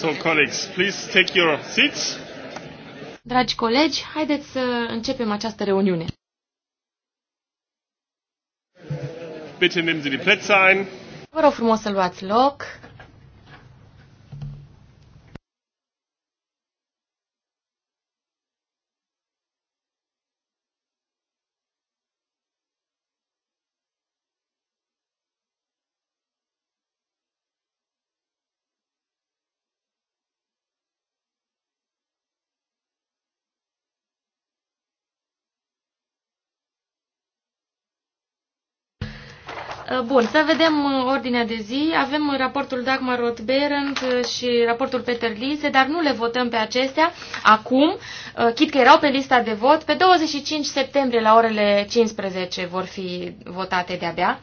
So, colleagues, please take your seats. Dragi colegi, haideți să începem această reuniune. Bitte nehmen Sie die Plätze ein. Vă rog frumos să luați loc. Eh, bun, să vedem eh, ordinea de zi. Avem eh, raportul Dagmar Roth-Berend și raportul Peter Lise, dar nu le votăm pe acestea acum, chit că erau pe lista de vot. Pe 25 septembrie la orele 15 vor fi votate de-abia.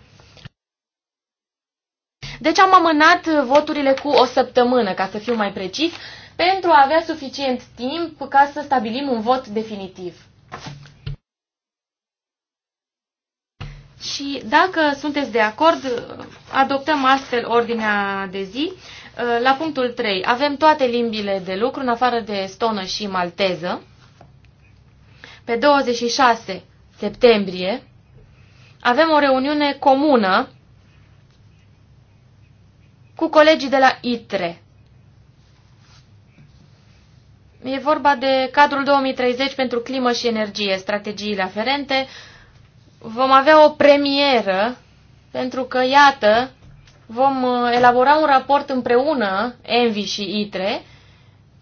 Deci am amânat voturile cu o săptămână, ca să fiu mai precis, pentru a avea suficient timp ca să stabilim un vot definitiv. Și dacă sunteți de acord, adoptăm astfel ordinea de zi. Uh, la punctul 3 avem toate limbile de lucru, în afară de estonă și malteză. Pe 26 septembrie avem o reuniune comună cu colegii de la ITRE. E vorba de cadrul 2030 pentru climă și energie, strategiile aferente, uh, vom avea o premieră pentru că, iată, vom uh, elabora un raport împreună, Envi și ITRE,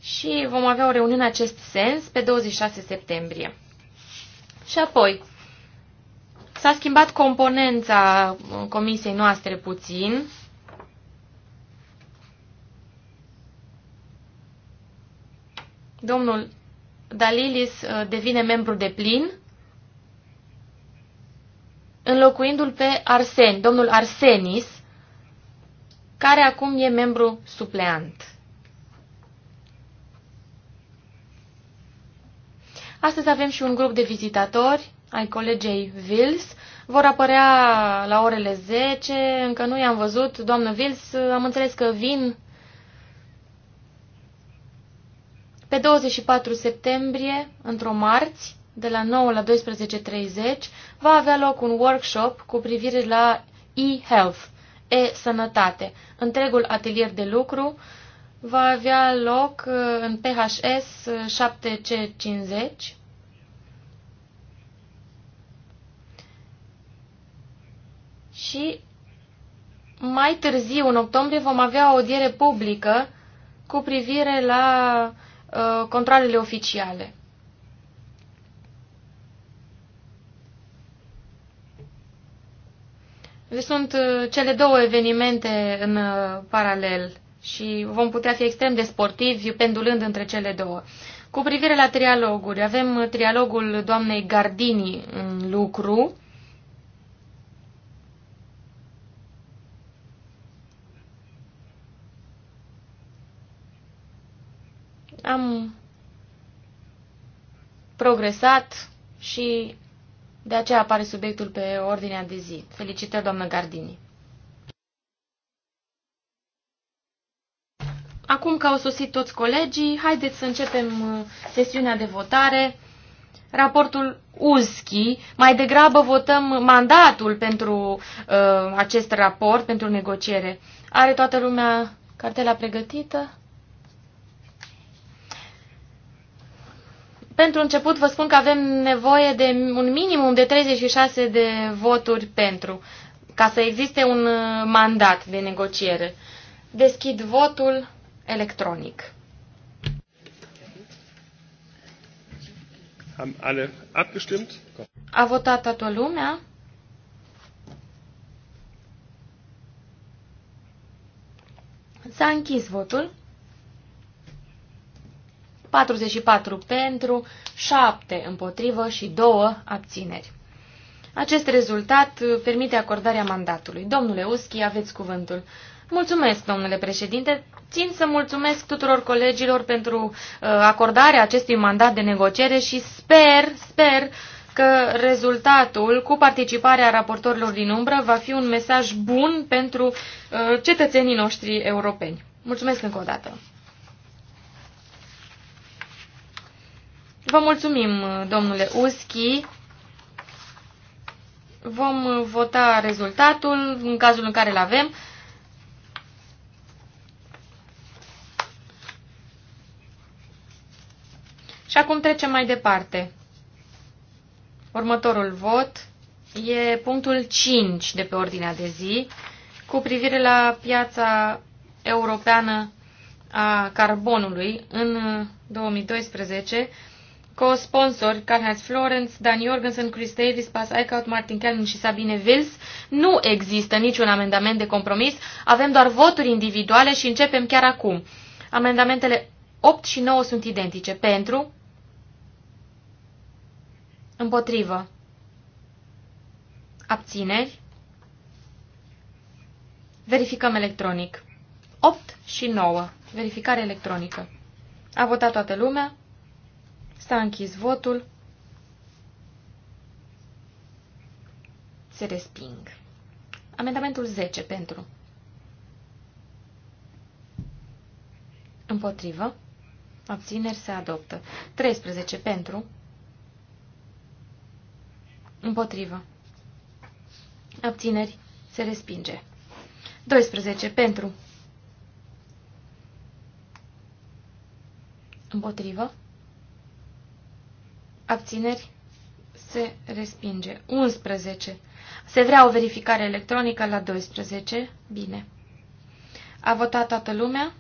și vom avea o reuniune în acest sens pe 26 septembrie. Și apoi, s-a schimbat componența uh, comisiei noastre puțin. Domnul Dalilis uh, devine membru de plin înlocuindu-l pe Arsen, domnul Arsenis, care acum e membru supleant. Astăzi avem și un grup de vizitatori ai colegei Vils. Vor apărea la orele 10, încă nu i-am văzut. Doamnă Vils, am înțeles că vin pe 24 septembrie, într-o marți, de la 9 la 12.30, va avea loc un workshop cu privire la e-health, e-sănătate. Întregul atelier de lucru va avea loc uh, în PHS 7C50. Uh, Și mai târziu, în octombrie, vom avea o audiere publică cu privire la uh, controlele oficiale. sunt uh, cele două evenimente în uh, paralel și vom putea fi extrem de sportivi pendulând între cele două. Cu privire la trialoguri, avem uh, trialogul doamnei Gardini în lucru. Am progresat și de aceea apare subiectul pe ordinea de zi. Felicitări, doamnă Gardini. Acum că au sosit toți colegii, haideți să începem uh, sesiunea de votare. Raportul USCHI, mai degrabă votăm mandatul pentru uh, acest raport, pentru negociere. Are toată lumea cartela pregătită? Pentru început vă spun că avem nevoie de un minimum de 36 de voturi pentru, ca să existe un uh, mandat de negociere. Deschid votul electronic. A votat toată lumea? S-a închis votul. 44 pentru, 7 împotrivă și 2 abțineri. Acest rezultat permite acordarea mandatului. Domnule Uschi, aveți cuvântul. Mulțumesc, domnule președinte. Țin să mulțumesc tuturor colegilor pentru uh, acordarea acestui mandat de negociere și sper, sper că rezultatul cu participarea raportorilor din umbră va fi un mesaj bun pentru uh, cetățenii noștri europeni. Mulțumesc încă o dată. Vă mulțumim, domnule Uschi. Vom vota rezultatul în cazul în care îl avem. Și acum trecem mai departe. Următorul vot e punctul 5 de pe ordinea de zi cu privire la piața europeană a carbonului în 2012 co-sponsori, Karl-Heinz Florence, Dan Jorgensen, Chris Davis, Bas Eichhout, Martin Kellen și Sabine Wills, nu există niciun amendament de compromis, avem doar voturi individuale și începem chiar acum. Amendamentele 8 și 9 sunt identice. Pentru? Împotrivă. Abțineri? Verificăm electronic. 8 și 9. Verificare electronică. A votat toată lumea. S-a închis votul. Se resping. Amendamentul 10 pentru. Împotrivă. Abțineri se adoptă. 13 pentru. Împotrivă. Abțineri se respinge. 12 pentru. Împotrivă abțineri, se respinge. 11. Se vrea o verificare electronică la 12. Bine. A votat toată lumea?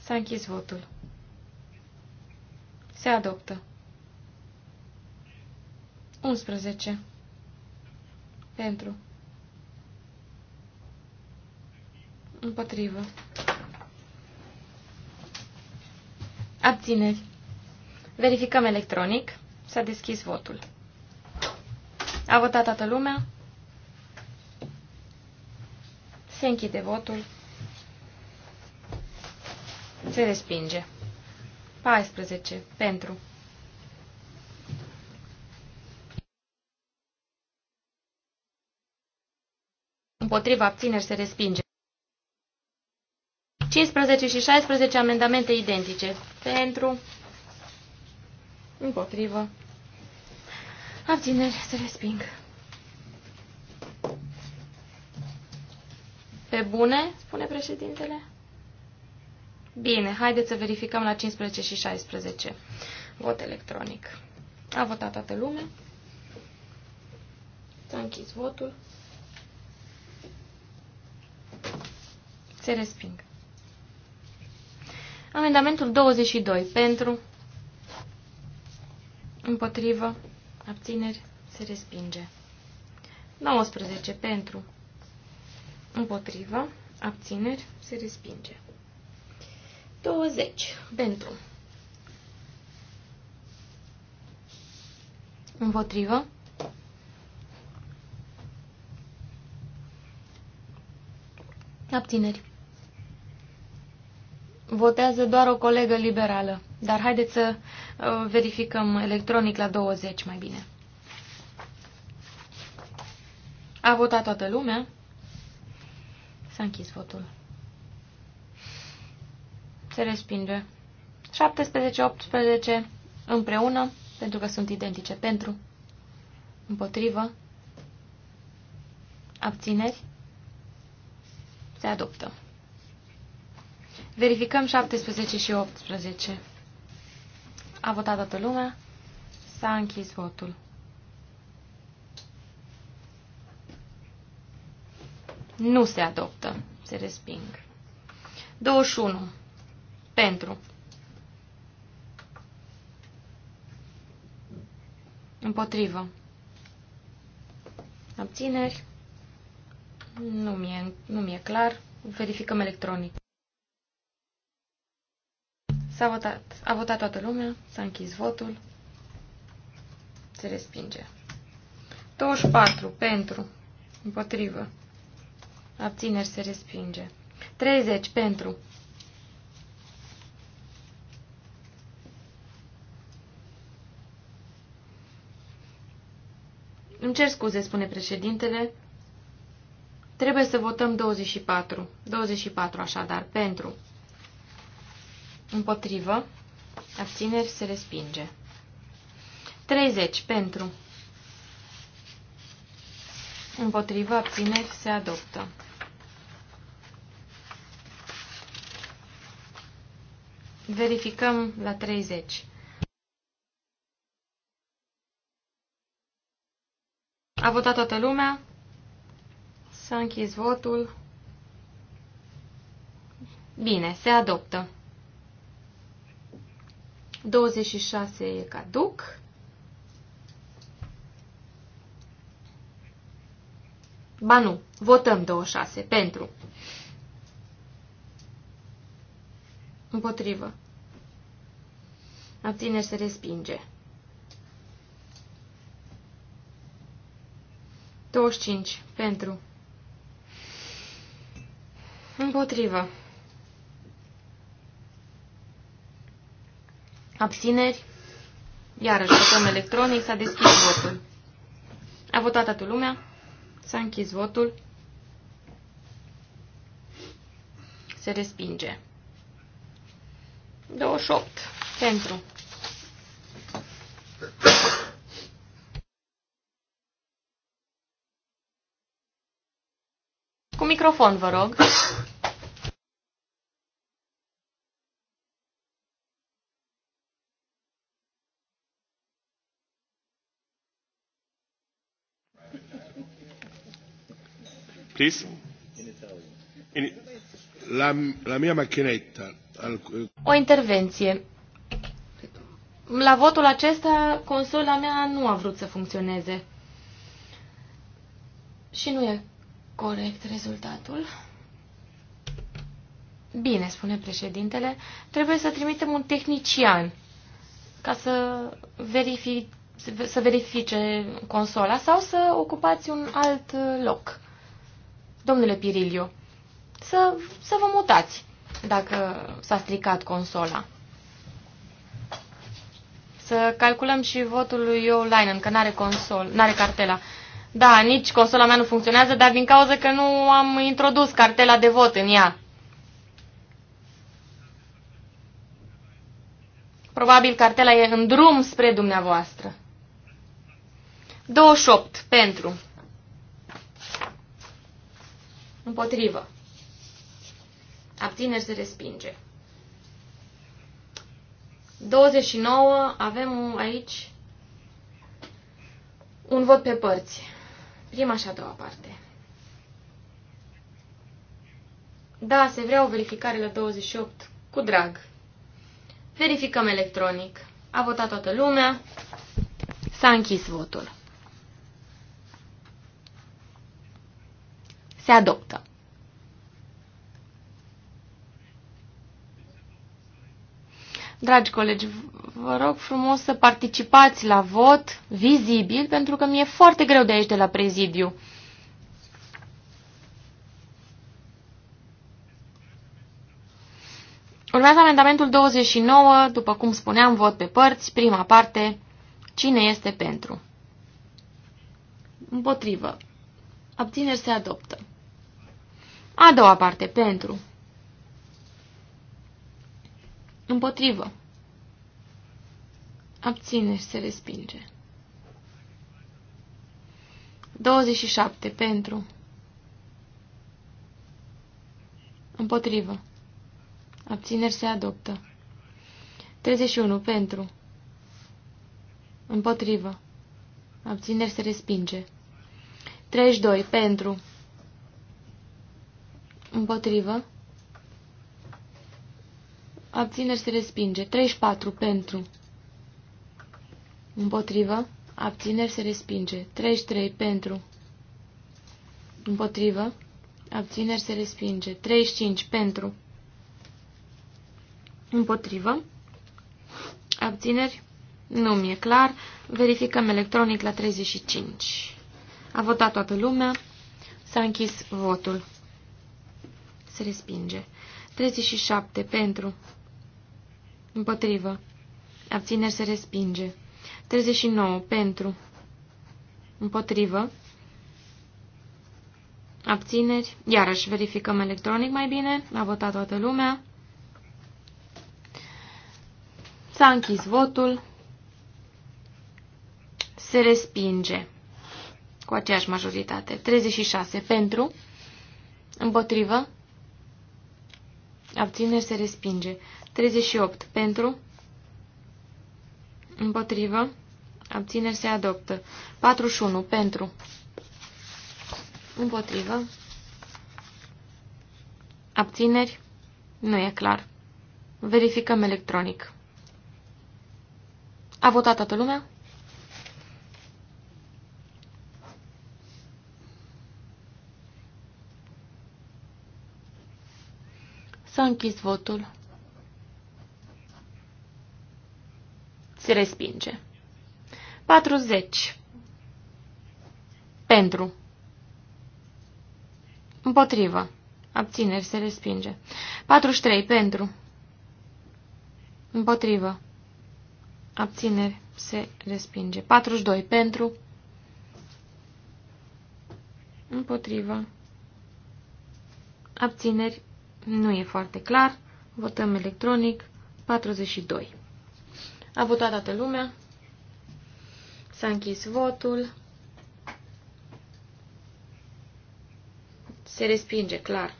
S-a închis votul. Se adoptă. 11. Pentru. Împotrivă. Abțineri. Verificăm electronic. S-a deschis votul. A votat toată lumea. Se închide votul. Se respinge. 14. Pentru. Împotriva abțineri se respinge. 15 și 16 amendamente identice. Pentru împotrivă, abțineri, să resping. Pe bune, spune președintele? Bine, haideți să verificăm la 15 și 16. Vot electronic. A votat toată lumea. S-a închis votul. Se resping. Amendamentul 22. Pentru, Împotrivă. Abțineri. Se respinge. 19. Pentru. Împotrivă. Abțineri. Se respinge. 20. Pentru. Împotrivă. Abțineri. Votează doar o colegă liberală. Dar haideți să uh, verificăm electronic la 20 mai bine. A votat toată lumea. S-a închis votul. Se respinge. 17-18 împreună, pentru că sunt identice. Pentru, împotrivă, abțineri, se adoptă. Verificăm 17 și 18. A votat toată lumea. S-a închis votul. Nu se adoptă. Se resping. 21. Pentru. Împotrivă. Abțineri. Nu mi-e nu mi clar. Verificăm electronic. S-a votat. A votat toată lumea. S-a închis votul. Se respinge. 24 pentru. Împotrivă. Abțineri se respinge. 30 pentru. Îmi cer scuze, spune președintele. Trebuie să votăm 24. 24 așadar, pentru. Împotrivă. Abțineri se respinge. 30. Pentru. Împotrivă. Abțineri se adoptă. Verificăm la 30. A votat toată lumea. S-a închis votul. Bine, se adoptă. 26 e caduc. Ba nu, votăm 26 pentru. Împotrivă. Abține se respinge. 25 pentru. Împotrivă. Abțineri. Iarăși votăm electronic. S-a deschis votul. A votat toată lumea. S-a închis votul. Se respinge. 28. Pentru. Cu microfon, vă rog. Please. In la, la mia macchinetta. Al... O intervenție. La votul acesta, consola mea nu a vrut să funcționeze. Și nu e corect rezultatul. Bine, spune președintele, trebuie să trimitem un tehnician ca să, verifi, să verifice consola sau să ocupați un alt loc domnule Piriliu, să, să vă mutați dacă s-a stricat consola. Să calculăm și votul lui Joe Linen, că n-are consol, n-are cartela. Da, nici consola mea nu funcționează, dar din cauza că nu am introdus cartela de vot în ea. Probabil cartela e în drum spre dumneavoastră. 28 pentru. Împotrivă. Abțineri se respinge. 29. Avem aici un vot pe părți. Prima și a doua parte. Da, se vrea o verificare la 28. Cu drag. Verificăm electronic. A votat toată lumea. S-a închis votul. Se adoptă. Dragi colegi, vă rog frumos să participați la vot vizibil, pentru că mi-e foarte greu de aici, de la prezidiu. Urmează amendamentul 29, după cum spuneam, vot pe părți, prima parte, cine este pentru. Împotrivă. Abțineri se adoptă. A doua parte, pentru. Împotrivă. Abține și se respinge. 27. Pentru. Împotrivă. Abțineri se adoptă. 31. Pentru. Împotrivă. Abțineri se respinge. 32. Pentru. Împotrivă. Abțineri se respinge. 34 pentru. Împotrivă. Abțineri se respinge. 33 pentru. Împotrivă. Abțineri se respinge. 35 pentru. Împotrivă. Abțineri. Nu mi-e clar. Verificăm electronic la 35. A votat toată lumea. S-a închis votul se respinge. 37. Pentru. Împotrivă. Abțineri se respinge. 39. Pentru. Împotrivă. Abțineri. Iarăși verificăm electronic mai bine. A votat toată lumea. S-a închis votul. Se respinge. Cu aceeași majoritate. 36. Pentru. Împotrivă. Abțineri se respinge. 38. Pentru. Împotrivă. Abțineri se adoptă. 41. Pentru. Împotrivă. Abțineri. Nu e clar. Verificăm electronic. A votat toată lumea? S-a închis votul. Se respinge. 40. Pentru. Împotrivă. Abțineri se respinge. 43. Pentru. Împotrivă. Abțineri se respinge. 42. Pentru. Împotrivă. Abțineri nu e foarte clar. Votăm electronic. 42. A votat toată lumea. S-a închis votul. Se respinge, clar.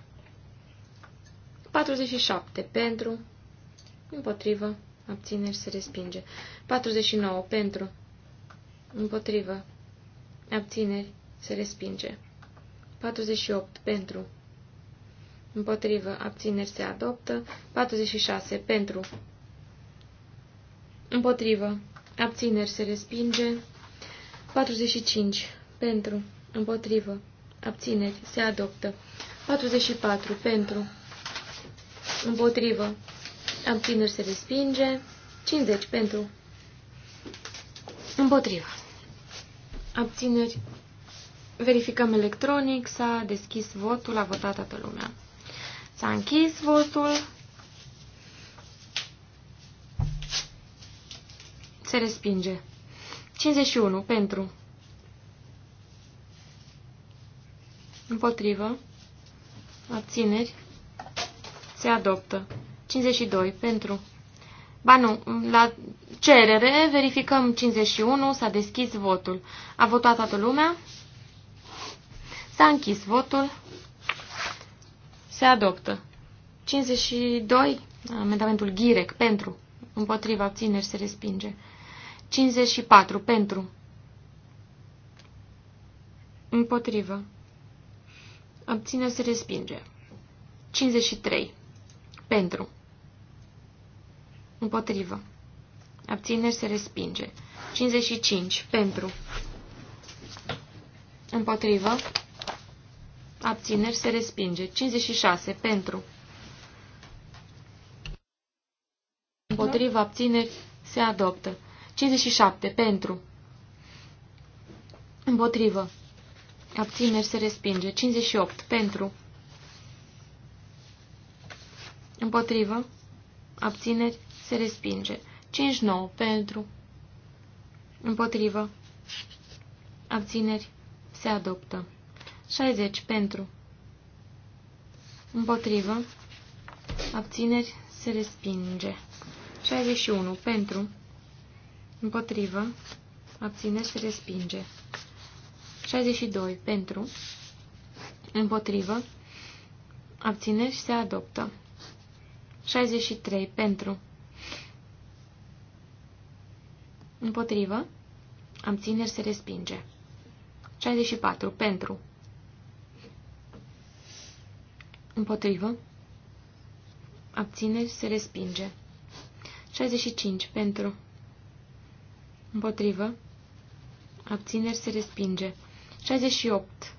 47 pentru, împotrivă, abțineri, se respinge. 49 pentru, împotrivă, abțineri, se respinge. 48 pentru, Împotrivă. Abțineri se adoptă. 46. Pentru. Împotrivă. Abțineri se respinge. 45. Pentru. Împotrivă. Abțineri se adoptă. 44. Pentru. Împotrivă. Abțineri se respinge. 50. Pentru. Împotrivă. Abțineri. Verificăm electronic. S-a deschis votul. A votat toată lumea. S-a închis votul. Se respinge. 51 pentru. Împotrivă. Abțineri. Se adoptă. 52 pentru. Ba nu, la cerere verificăm 51, s-a deschis votul. A votat toată lumea? S-a închis votul. Se adoptă. 52. Amendamentul Ghirec. Pentru. Împotriva abțineri se respinge. 54. Pentru. Împotrivă. Abțineri se respinge. 53. Pentru. Împotrivă. Abțineri se respinge. 55. Pentru. Împotrivă abțineri se respinge. 56 pentru, împotriva abțineri se adoptă. 57 pentru, împotrivă, abțineri se respinge. 58 pentru, împotrivă, abțineri se respinge. 59 pentru, împotrivă, abțineri se adoptă. 60 pentru. Împotrivă. Abțineri se respinge. 61 pentru. Împotrivă. Abțineri se respinge. 62 pentru. Împotrivă. Abțineri se adoptă. 63 pentru. Împotrivă. Abțineri se respinge. 64 pentru. Împotrivă. Abțineri se respinge. 65. Pentru. Împotrivă. Abțineri se respinge. 68.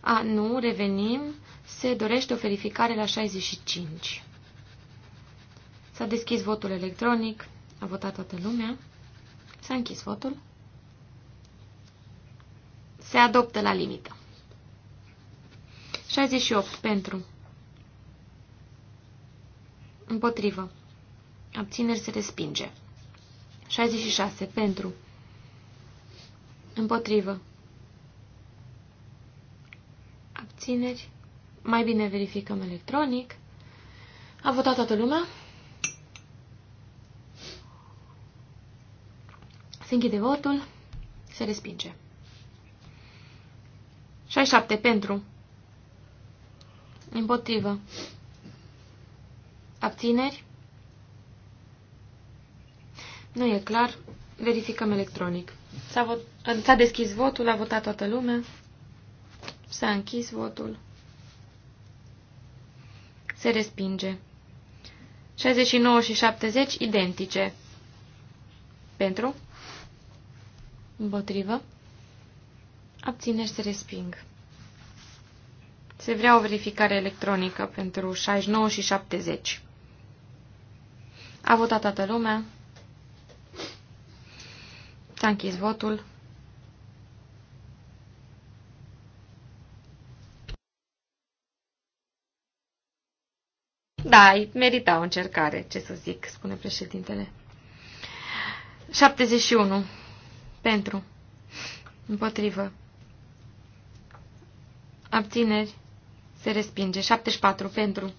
A, nu, revenim. Se dorește o verificare la 65. S-a deschis votul electronic. A votat toată lumea. S-a închis votul. Se adoptă la limită. 68. Pentru. Împotrivă. Abțineri se respinge. 66. Pentru. Împotrivă. Abțineri. Mai bine verificăm electronic. A votat toată lumea. Se închide votul. Se respinge. 67. Pentru. Împotrivă. Abțineri? Nu e clar. Verificăm electronic. S-a deschis votul, a votat toată lumea. S-a închis votul. Se respinge. 69 și 70 identice. Pentru? Împotrivă? Abțineri se resping. Se vrea o verificare electronică pentru 69 și 70. A votat toată lumea. S-a închis votul. Da, merita o încercare, ce să zic, spune președintele. 71. Pentru. Împotrivă. Abțineri. Se respinge. 74 pentru.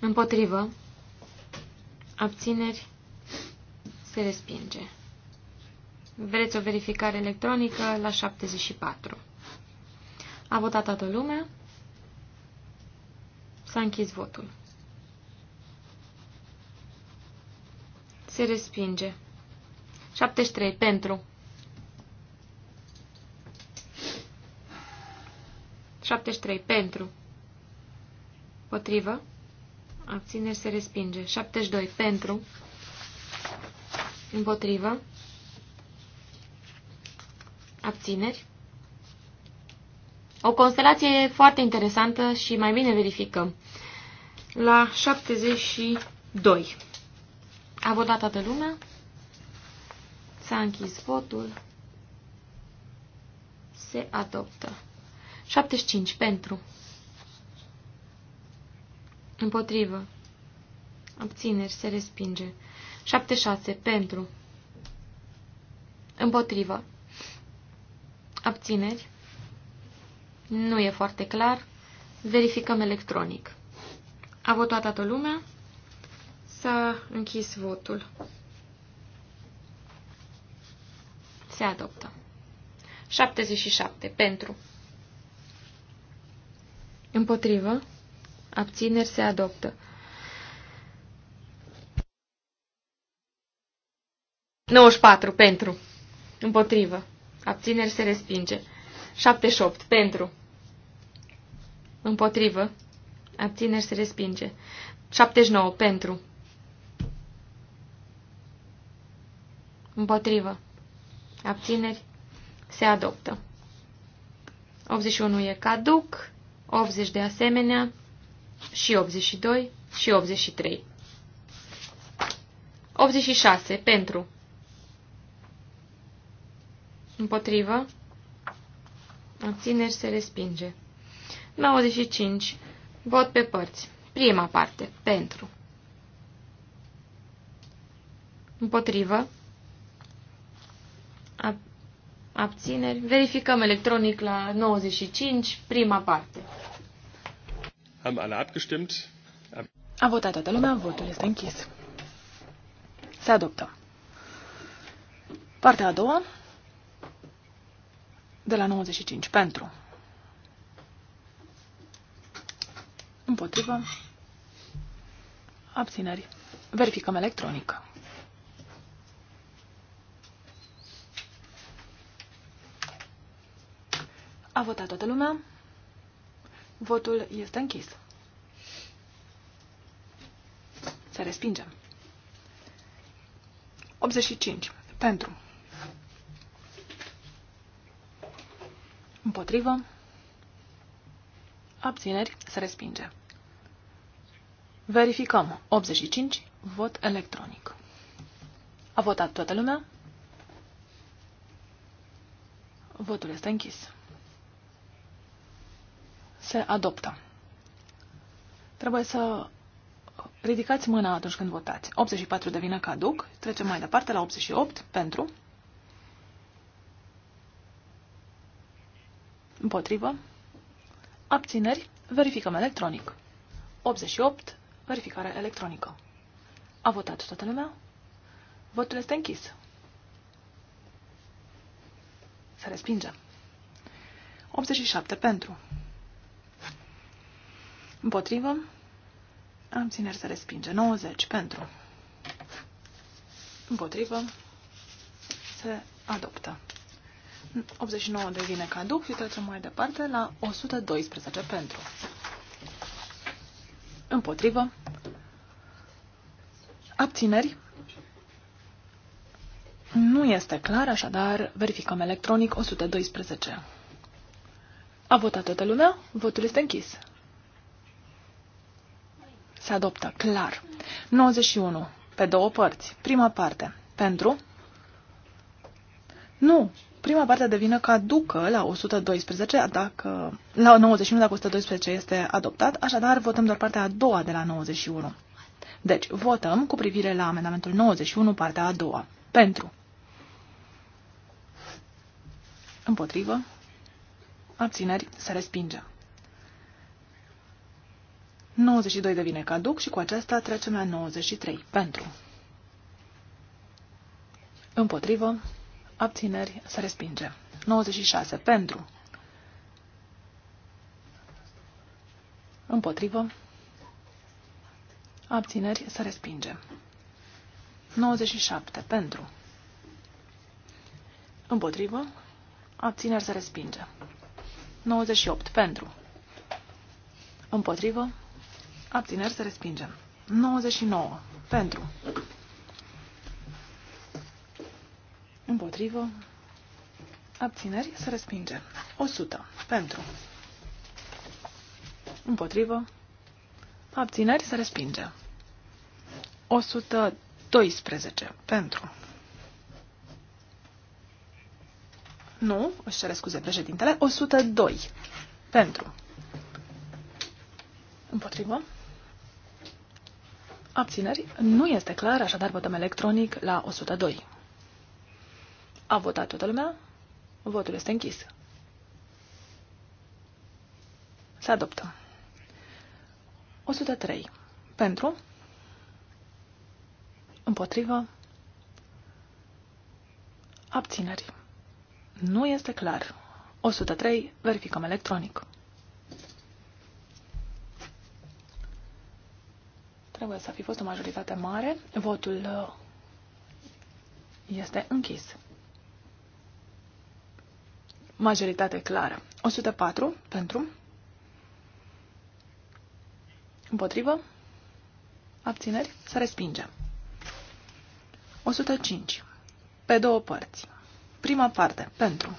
Împotrivă. Abțineri. Se respinge. Vreți o verificare electronică la 74. A votat toată lumea. S-a închis votul. Se respinge. 73 pentru. 73. Pentru. Potrivă. Abțineri se respinge. 72. Pentru. Împotrivă. Abțineri. O constelație foarte interesantă și mai bine verificăm. La 72. A votat toată lumea. S-a închis votul. Se adoptă. 75. Pentru. Împotrivă. Abțineri. Se respinge. 76. Pentru. Împotrivă. Abțineri. Nu e foarte clar. Verificăm electronic. A votat toată lumea. S-a închis votul. Se adoptă. 77. Pentru. Împotrivă. Abțineri se adoptă. patru Pentru. Împotrivă. Abțineri se respinge. 78. Pentru. Împotrivă. Abțineri se respinge. 79. Pentru. Împotrivă. Abțineri se adoptă. 81 e caduc. 80 de asemenea, și 82 și 83. 86 pentru împotrivă abțineri se respinge. 95 vot pe părți. Prima parte pentru împotrivă abțineri. Verificăm electronic la 95, prima parte. Am alle abgestimmt? A votat toată lumea, votul este închis. Se adoptă. Partea a doua, de la 95, pentru. Împotrivă. Abțineri. Verificăm electronic. A votat toată lumea. Votul este închis. Se respinge. 85. Pentru. Împotrivă. Abțineri. Se respinge. Verificăm. 85. Vot electronic. A votat toată lumea. Votul este închis. Se adoptă. Trebuie să ridicați mâna atunci când votați. 84 devine caduc. Trecem mai departe la 88 pentru. Împotrivă. Abțineri. Verificăm electronic. 88. Verificare electronică. A votat toată lumea? Votul este închis. Se respinge. 87 pentru. Împotrivă. țineri să respinge. 90 pentru. Împotrivă. Se adoptă. 89 devine caduc și trecem mai departe la 112 pentru. Împotrivă. Abțineri. Nu este clar, așadar verificăm electronic 112. A votat toată lumea? Votul este închis. Se adoptă. Clar. 91. Pe două părți. Prima parte. Pentru. Nu. Prima parte devine caducă la 112, dacă, la 91 dacă 112 este adoptat, așadar votăm doar partea a doua de la 91. Deci, votăm cu privire la amendamentul 91, partea a doua. Pentru. Împotrivă. Abțineri. Se respinge. 92 devine caduc și cu aceasta trecem la 93. Pentru. Împotrivă. Abțineri. Se respinge. 96. Pentru. Împotrivă. Abțineri. Se respinge. 97. Pentru. Împotrivă. Abțineri. Se respinge. 98. Pentru. Împotrivă. Abțineri să respingem. 99. Pentru. Împotrivă. Abțineri să respingem. 100. Pentru. Împotrivă. Abțineri să respinge. 112. Pentru. Nu, își cere scuze președintele. 102. Pentru. Împotrivă. Abțineri? Nu este clar, așadar votăm electronic la 102. A votat toată lumea? Votul este închis. Se adoptă. 103. Pentru? Împotrivă? Abțineri. Nu este clar. 103. Verificăm electronic. Trebuie să fi fost o majoritate mare. Votul uh, este închis. Majoritate clară. 104 pentru. Împotrivă. Abțineri. Să respinge. 105. Pe două părți. Prima parte. Pentru.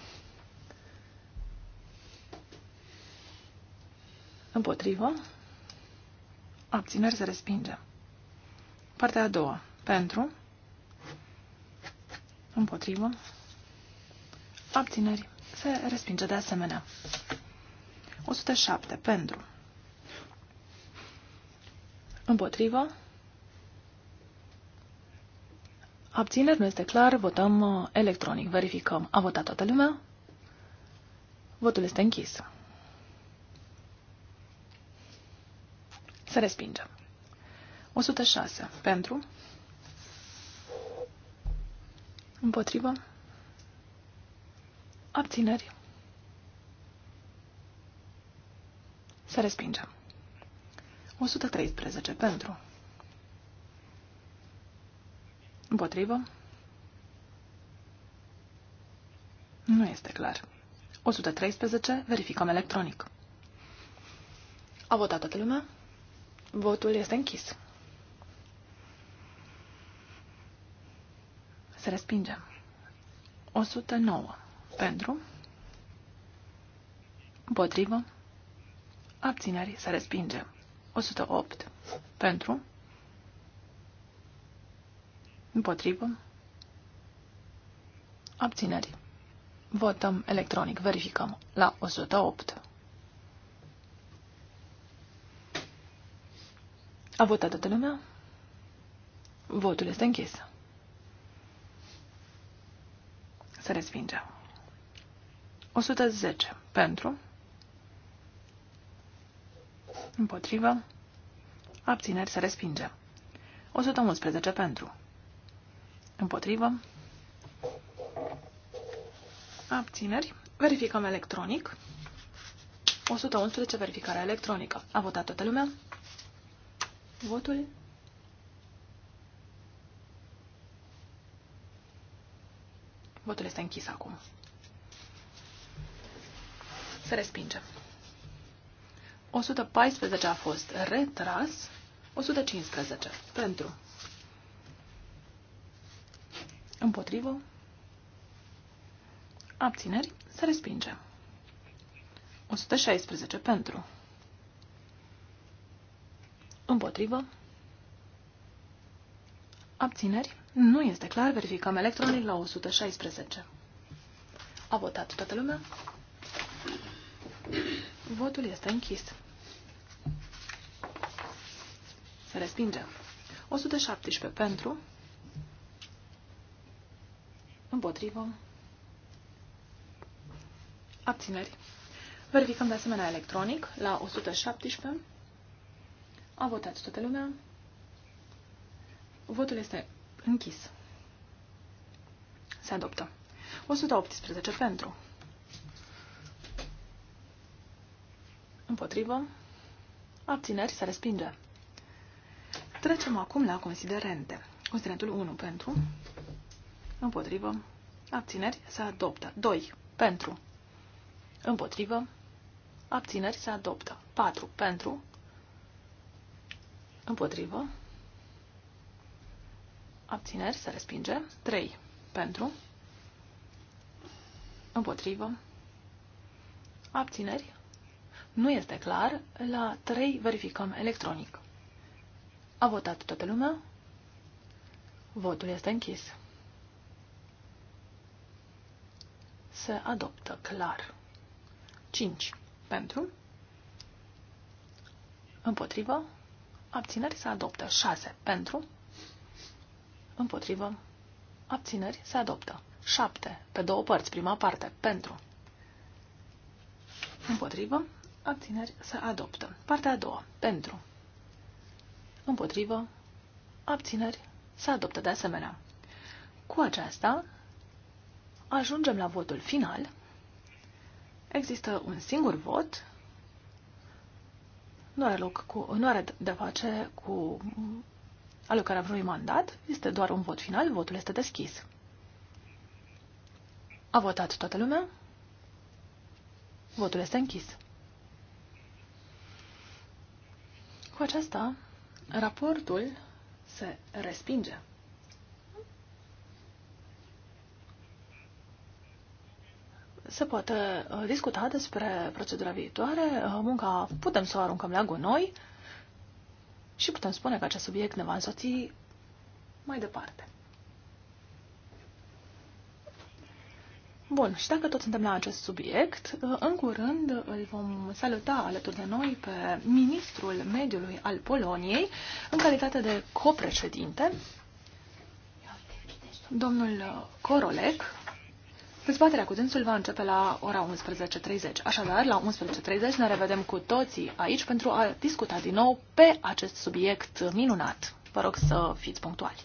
Împotrivă. Abțineri se respinge. Partea a doua. Pentru. Împotrivă. Abțineri se respinge de asemenea. 107. Pentru. Împotrivă. Abțineri nu este clar. Votăm uh, electronic. Verificăm. A votat toată lumea? Votul este închis. Să respinge. 106. Pentru. Împotrivă. Abțineri. Să respinge. 113. Pentru. Împotrivă. Nu este clar. 113. Verificăm electronic. A votat toată lumea? Votul este închis. Se respinge. 109 pentru, împotrivă, Abțineri. se respinge. 108 pentru, împotrivă, Abțineri. Votăm electronic, verificăm la 108. A votat toată lumea? Votul este închis. Se respinge. 110 pentru. Împotrivă. Abțineri se respinge. 111 pentru. Împotrivă. Abțineri. Verificăm electronic. 111 verificare electronică. A votat toată lumea? Votul? Votul este închis acum. Se respinge. 114 a fost retras, 115 pentru. Împotrivă. Abțineri. Se respinge. 116 pentru. Împotrivă. Abțineri. Nu este clar. Verificăm electronic la 116. A votat toată lumea. Votul este închis. Se respinge. 117 pentru. Împotrivă. Abțineri. Verificăm de asemenea electronic la 117. A votat toată lumea. Votul este închis. Se adoptă. 118 pentru. Împotrivă. Abțineri se respinge. Trecem acum la considerente. Considerentul 1 pentru. Împotrivă. Abțineri se adoptă. 2 pentru. Împotrivă. Abțineri se adoptă. 4 pentru. Împotrivă. Abțineri se respinge. 3. Pentru. Împotrivă. Abțineri. Nu este clar. La 3 verificăm electronic. A votat toată lumea. Votul este închis. Se adoptă clar. 5. Pentru. Împotrivă. Abțineri se adoptă. 6. Pentru. Împotrivă. Abțineri se adoptă. 7. Pe două părți. Prima parte. Pentru. Împotrivă. Abțineri se adoptă. Partea a doua. Pentru. Împotrivă. Abțineri se adoptă de asemenea. Cu aceasta ajungem la votul final. Există un singur vot nu are, loc cu, nu are de face cu alocarea vreunui mandat, este doar un vot final, votul este deschis. A votat toată lumea? Votul este închis. Cu aceasta, raportul se respinge. se poate uh, discuta despre procedura viitoare. Uh, munca putem să o aruncăm la gunoi și putem spune că acest subiect ne va însoți mai departe. Bun, și dacă tot suntem la acest subiect, uh, în curând îl vom saluta alături de noi pe ministrul mediului al Poloniei, în calitate de copreședinte, domnul Corolec, Dezbaterea cu dânsul va începe la ora 11.30. Așadar, la 11.30 ne revedem cu toții aici pentru a discuta din nou pe acest subiect minunat. Vă rog să fiți punctuali.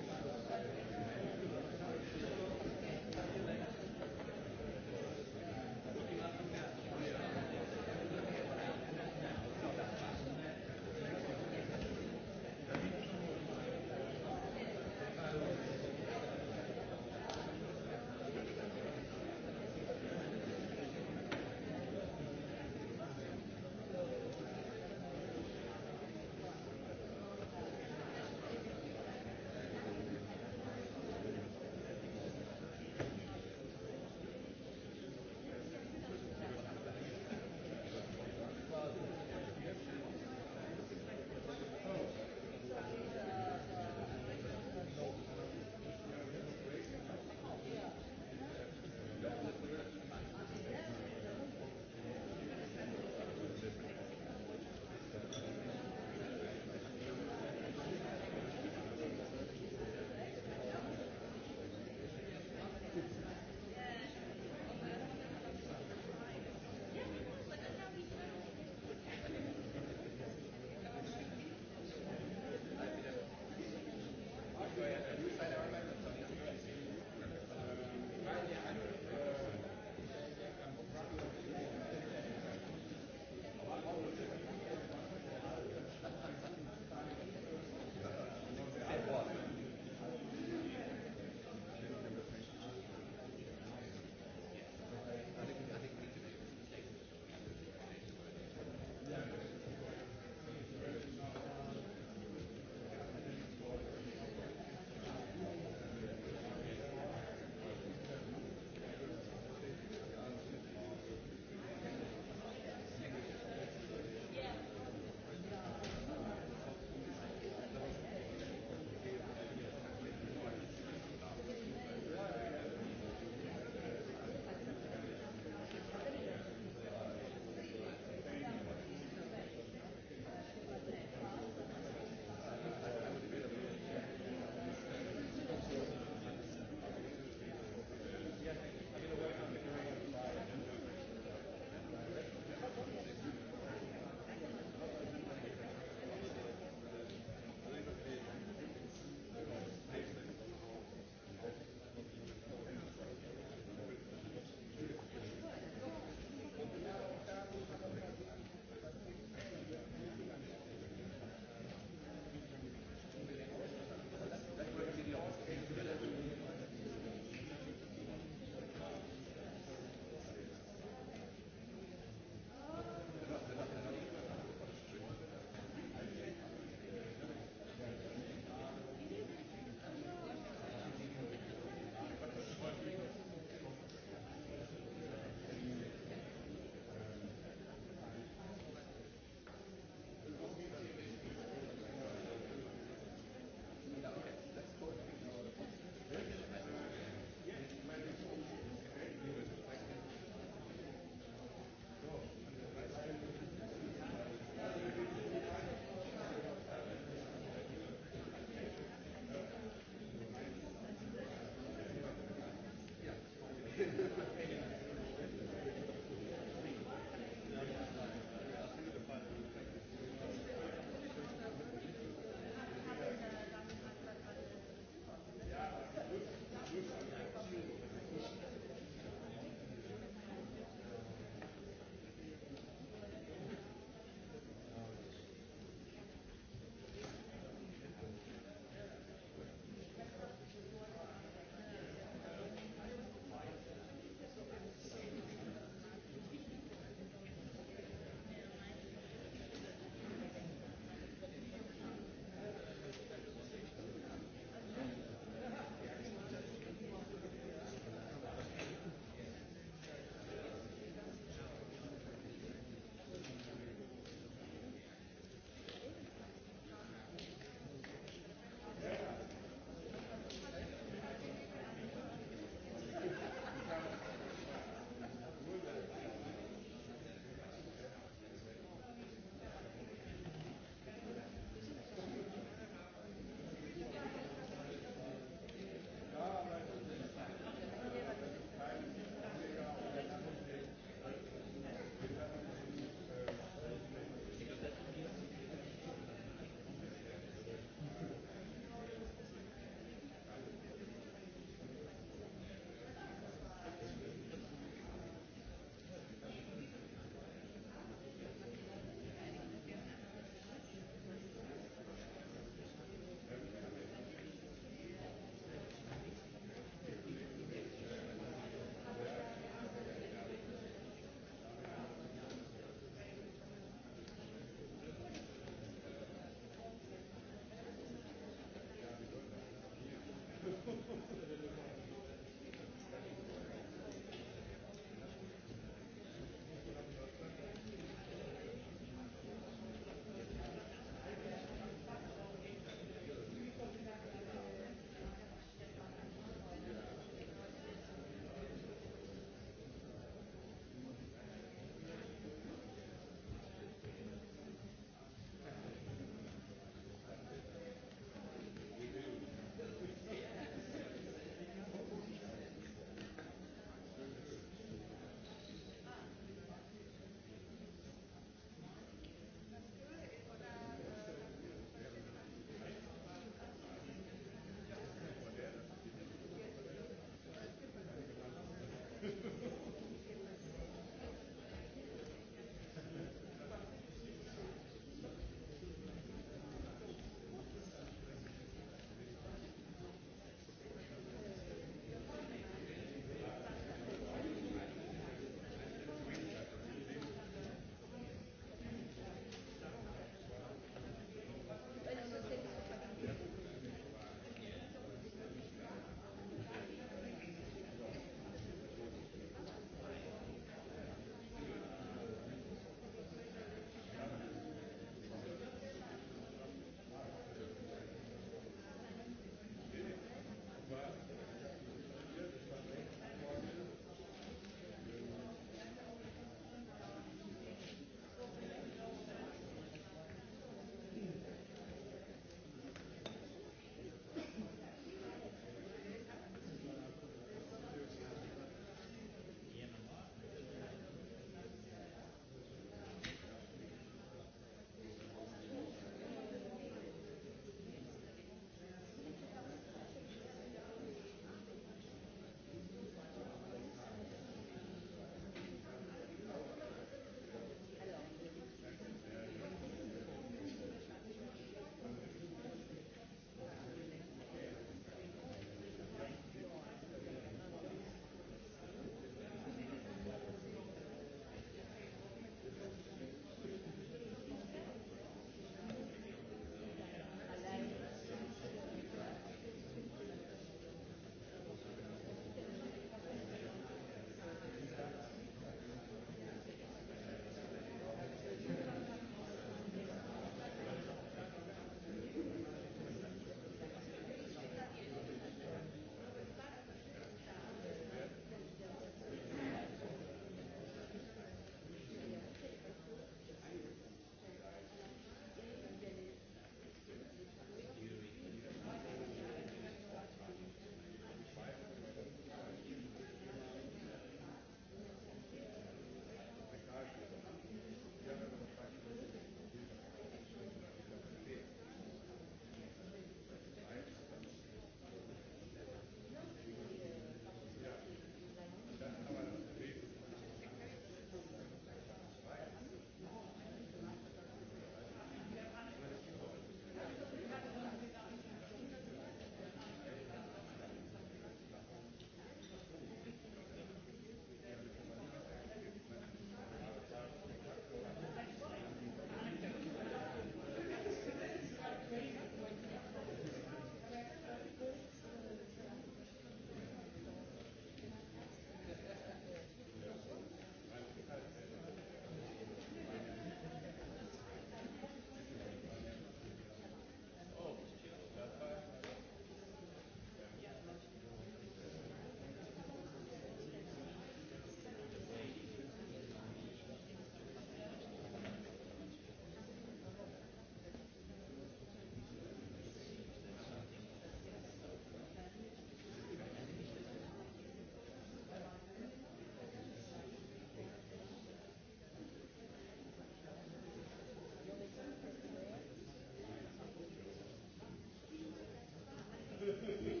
Thank you.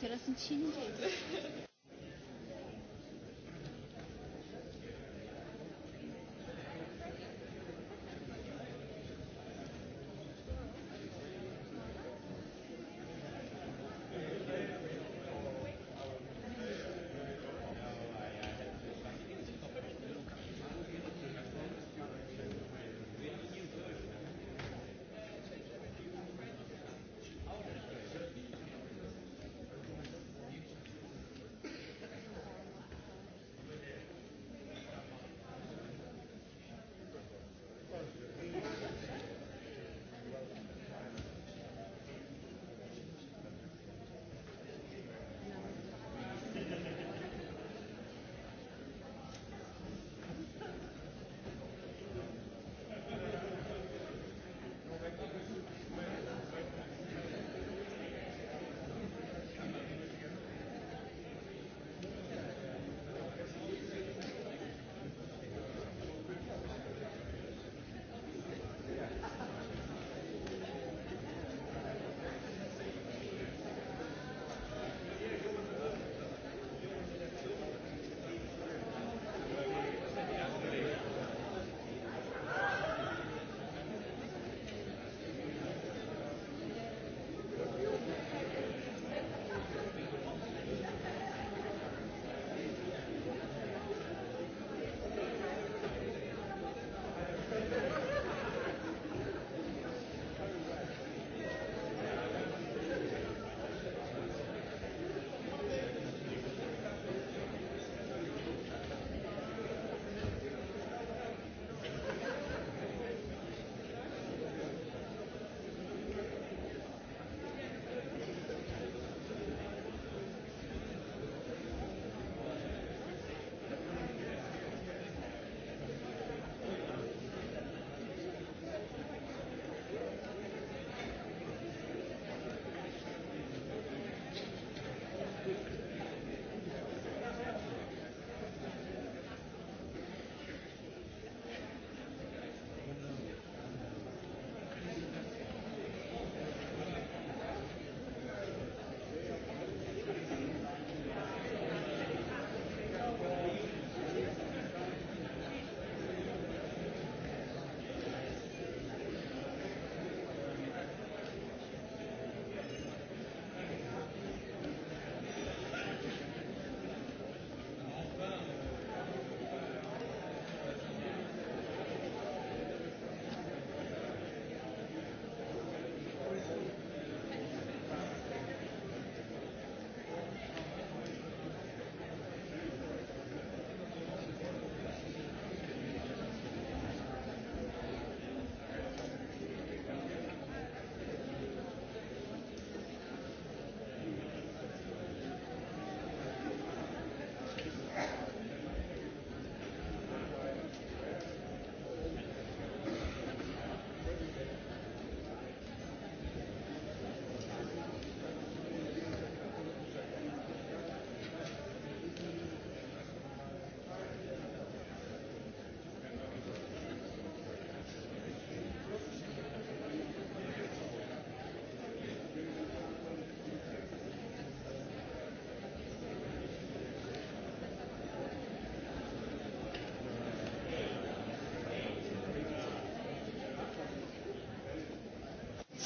interessenchen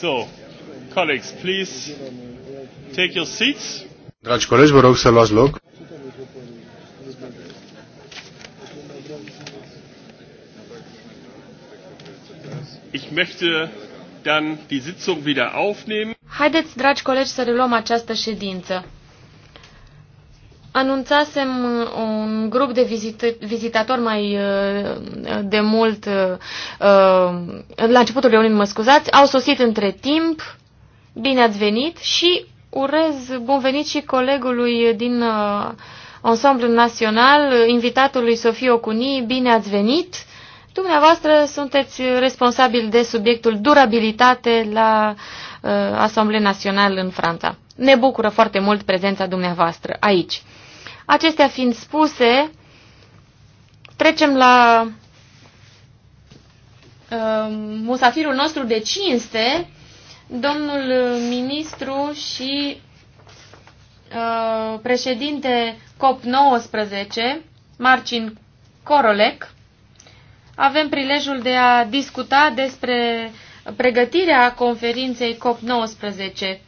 So, colleagues, please take your seats. Dragi colegi, vă rog să luați loc. Ich möchte dann die Sitzung wieder aufnehmen. Haideți, dragi colegi, să reluăm această ședință. Anunțasem uh, un grup de vizită, vizitatori mai uh, de mult, uh, la începutul reuniunii, mă scuzați, au sosit între timp, bine ați venit și urez bun venit și colegului din Ensemble Național, invitatului Sofie Ocuni, bine ați venit! Dumneavoastră sunteți responsabil de subiectul durabilitate la uh, Asamblea Națională în Franța. Ne bucură foarte mult prezența dumneavoastră aici. Acestea fiind spuse, trecem la uh, musafirul nostru de cinste, domnul ministru și uh, președinte COP19, Marcin Corolec. Avem prilejul de a discuta despre pregătirea conferinței COP19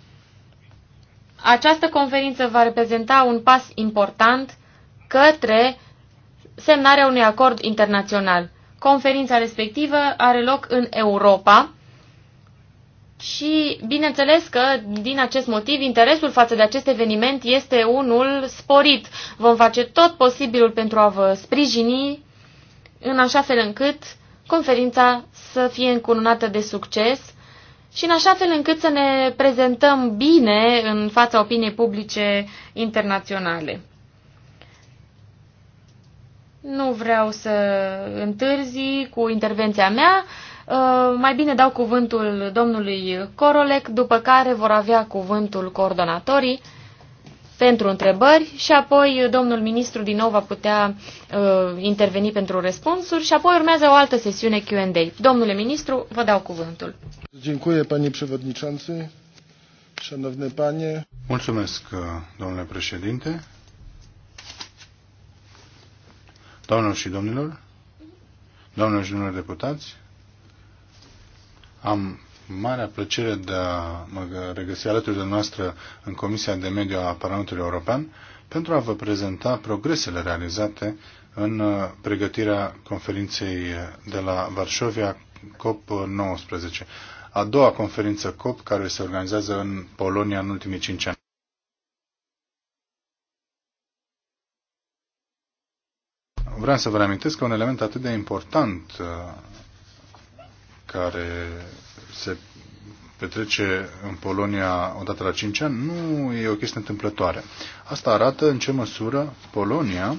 această conferință va reprezenta un pas important către semnarea unui acord internațional. Conferința respectivă are loc în Europa și, bineînțeles că, din acest motiv, interesul față de acest eveniment este unul sporit. Vom face tot posibilul pentru a vă sprijini în așa fel încât conferința să fie încununată de succes și în așa fel încât să ne prezentăm bine în fața opiniei publice internaționale. Nu vreau să întârzi cu intervenția mea. Uh, mai bine dau cuvântul domnului Corolec, după care vor avea cuvântul coordonatorii pentru întrebări și apoi domnul ministru din nou va putea uh, interveni pentru răspunsuri și apoi urmează o altă sesiune Q&A. Domnule ministru, vă dau cuvântul. Dziękuję, panie przewodniczący. Szanowne panie. Mulțumesc, uh, domnule președinte. Doamnelor și domnilor, doamnelor și domnilor deputați, am marea plăcere de a mă regăsi alături de noastră în Comisia de Mediu a Parlamentului European pentru a vă prezenta progresele realizate în uh, pregătirea conferinței de la Varșovia COP19, a doua conferință COP care se organizează în Polonia în ultimii cinci ani. Vreau să vă reamintesc că un element atât de important uh, care se petrece în Polonia odată la 5 ani nu e o chestie întâmplătoare. Asta arată în ce măsură Polonia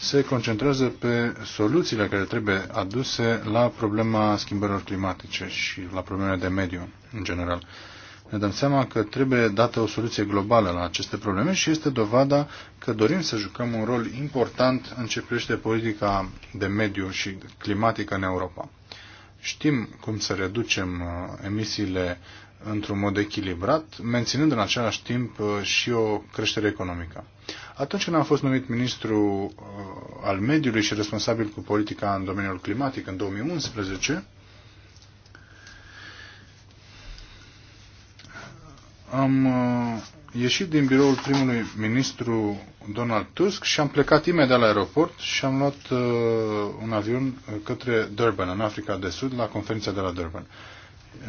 se concentrează pe soluțiile care trebuie aduse la problema schimbărilor climatice și la problemele de mediu în general. Ne dăm seama că trebuie dată o soluție globală la aceste probleme și este dovada că dorim să jucăm un rol important în ce privește politica de mediu și climatică în Europa. Știm cum să reducem uh, emisiile într-un mod echilibrat, menținând în același timp uh, și o creștere economică. Atunci când am fost numit ministru uh, al mediului și responsabil cu politica în domeniul climatic în 2011, am ieșit din biroul primului ministru Donald Tusk și am plecat imediat la aeroport și am luat uh, un avion uh, către Durban, în Africa de Sud, la conferința de la Durban.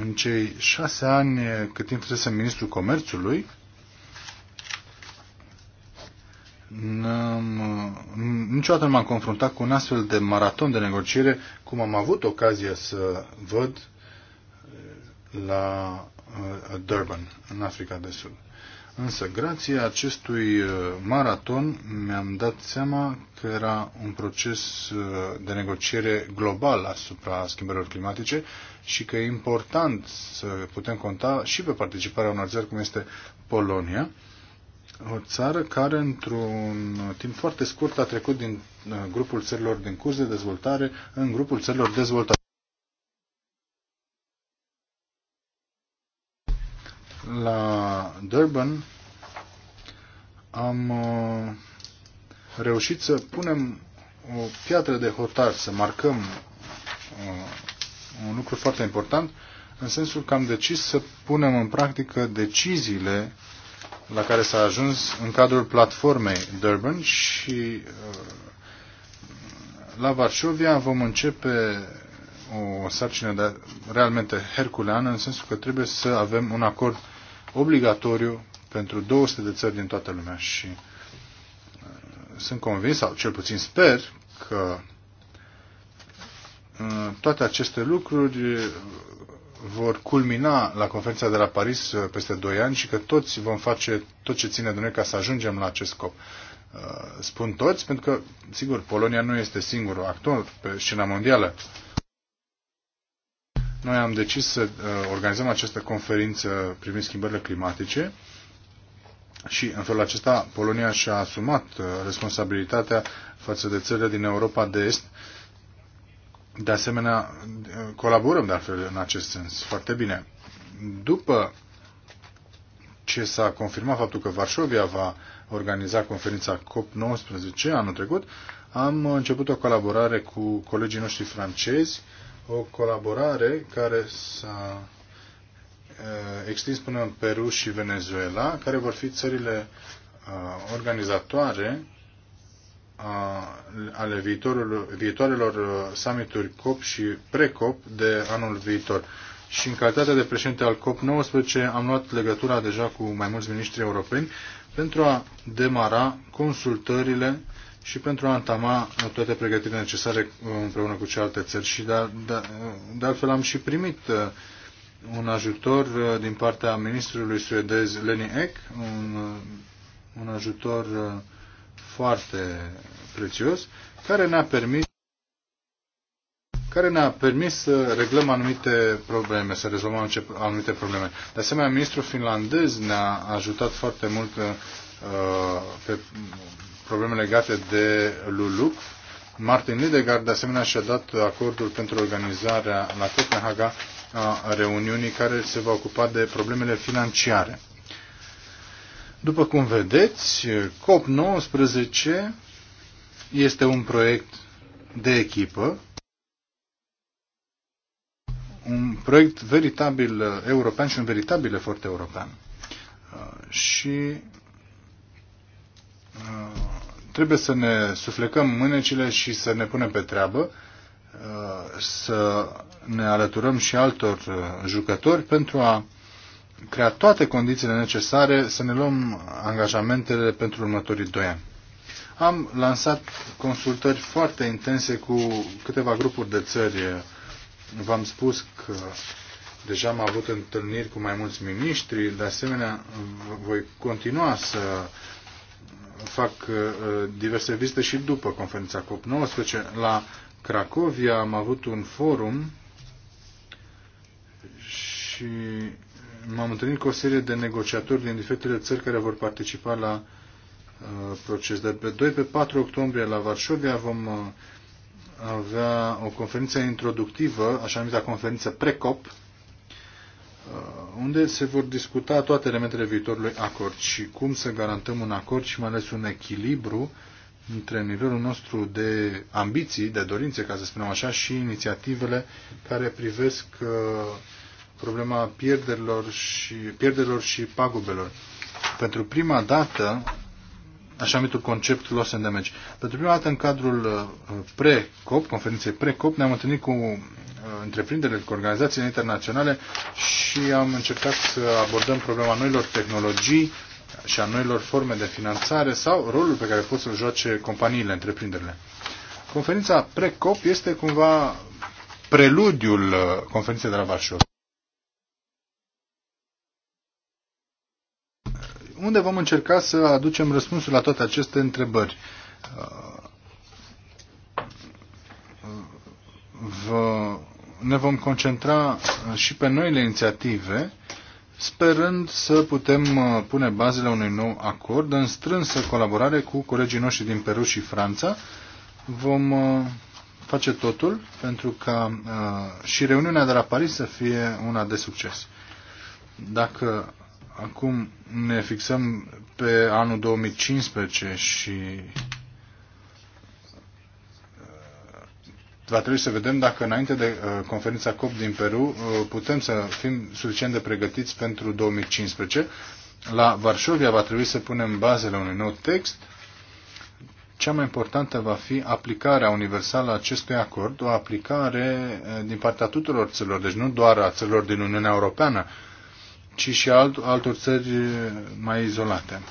În cei șase ani uh, cât timp fusese ministrul comerțului, uh, niciodată nu m-am confruntat cu un astfel de maraton de negociere cum am avut ocazia să văd la Durban, în Africa de Sud. Însă, grație acestui uh, maraton, mi-am dat seama că era un proces uh, de negociere global asupra schimbărilor climatice și că e important să putem conta și pe participarea unor țări cum este Polonia, o țară care într-un timp foarte scurt a trecut din uh, grupul țărilor din curs de dezvoltare în grupul țărilor dezvoltate. la Durban am uh, reușit să punem o piatră de hotar, să marcăm uh, un lucru foarte important, în sensul că am decis să punem în practică deciziile la care s-a ajuns în cadrul platformei Durban și uh, la Varșovia vom începe o sarcină de, realmente herculeană, în sensul că trebuie să avem un acord obligatoriu pentru 200 de țări din toată lumea și uh, sunt convins, sau cel puțin sper, că uh, toate aceste lucruri vor culmina la conferința de la Paris uh, peste 2 ani și că toți vom face tot ce ține de noi ca să ajungem la acest scop. Spun toți, pentru că, sigur, Polonia nu este singurul actor pe scena mondială noi am decis să uh, organizăm această conferință privind schimbările climatice și în felul acesta Polonia și-a asumat uh, responsabilitatea față de țările din Europa de Est. De asemenea, uh, colaborăm de altfel în acest sens foarte bine. După ce s-a confirmat faptul că Varșovia va organiza conferința COP19 anul trecut, am început o colaborare cu colegii noștri francezi o colaborare care s-a extins până în Peru și Venezuela, care vor fi țările organizatoare ale viitorul, viitoarelor summituri COP și pre-COP de anul viitor. Și în calitate de președinte al COP19 am luat legătura deja cu mai mulți miniștri europeni pentru a demara consultările și pentru a întama toate pregătirile necesare uh, împreună cu celelalte țări. Și de, de, de altfel am și primit uh, un ajutor uh, din partea ministrului suedez Leni Ek, un, un ajutor foarte prețios, care ne-a permis care ne-a permis să reglăm anumite probleme, să rezolvăm anumite probleme. De asemenea, ministrul finlandez ne-a ajutat foarte mult pe probleme legate de LULUC. Martin Lidegard, de asemenea, și-a dat acordul pentru organizarea la Copenhaga a reuniunii care se va ocupa de problemele financiare. După cum vedeți, COP19 este un proiect de echipă, un proiect veritabil european și un veritabil efort european. Uh, și trebuie să ne suflecăm mânecile și să ne punem pe treabă, uh, să ne alăturăm și altor uh, jucători pentru a crea toate condițiile necesare să ne luăm angajamentele pentru următorii doi ani. Am lansat consultări foarte intense cu câteva grupuri de țări. V-am spus că deja am avut întâlniri cu mai mulți miniștri, de asemenea voi continua să fac uh, diverse vizite și după conferința COP19. La Cracovia am avut un forum și m-am întâlnit cu o serie de negociatori din diferitele țări care vor participa la uh, proces. De pe 2 pe 4 octombrie la Varșovia vom uh, avea o conferință introductivă, așa numită conferință pre-Cop. Uh, unde se vor discuta toate elementele viitorului acord și cum să garantăm un acord și mai ales un echilibru între nivelul nostru de ambiții, de dorințe, ca să spunem așa, și inițiativele care privesc uh, problema pierderilor și, pierderilor și pagubelor. Pentru prima dată, așa numitul concept loss and damage. Pentru prima dată în cadrul uh, pre-COP, conferinței pre-COP, ne-am întâlnit cu întreprinderile, cu organizațiile internaționale și am încercat să abordăm problema noilor tehnologii și a noilor forme de finanțare sau rolul pe care pot să-l joace companiile, întreprinderile. Conferința PRECOP este cumva preludiul uh, conferinței de la Varșovia. Unde vom încerca să aducem răspunsul la toate aceste întrebări? Uh, uh, vă ne vom concentra uh, și pe noile inițiative, sperând să putem uh, pune bazele unui nou acord în strânsă colaborare cu colegii noștri din Peru și Franța. Vom uh, face totul pentru ca și reuniunea de la Paris să fie una de succes. Dacă acum ne fixăm pe anul 2015 și va trebui să vedem dacă înainte de uh, conferința COP din Peru uh, putem să fim suficient de pregătiți pentru 2015. La Varșovia va trebui să punem bazele unui nou text. Cea mai importantă va fi aplicarea universală a acestui acord, o aplicare uh, din partea tuturor țărilor, deci nu doar a țărilor din Uniunea Europeană, ci și alt, altor țări mai izolate.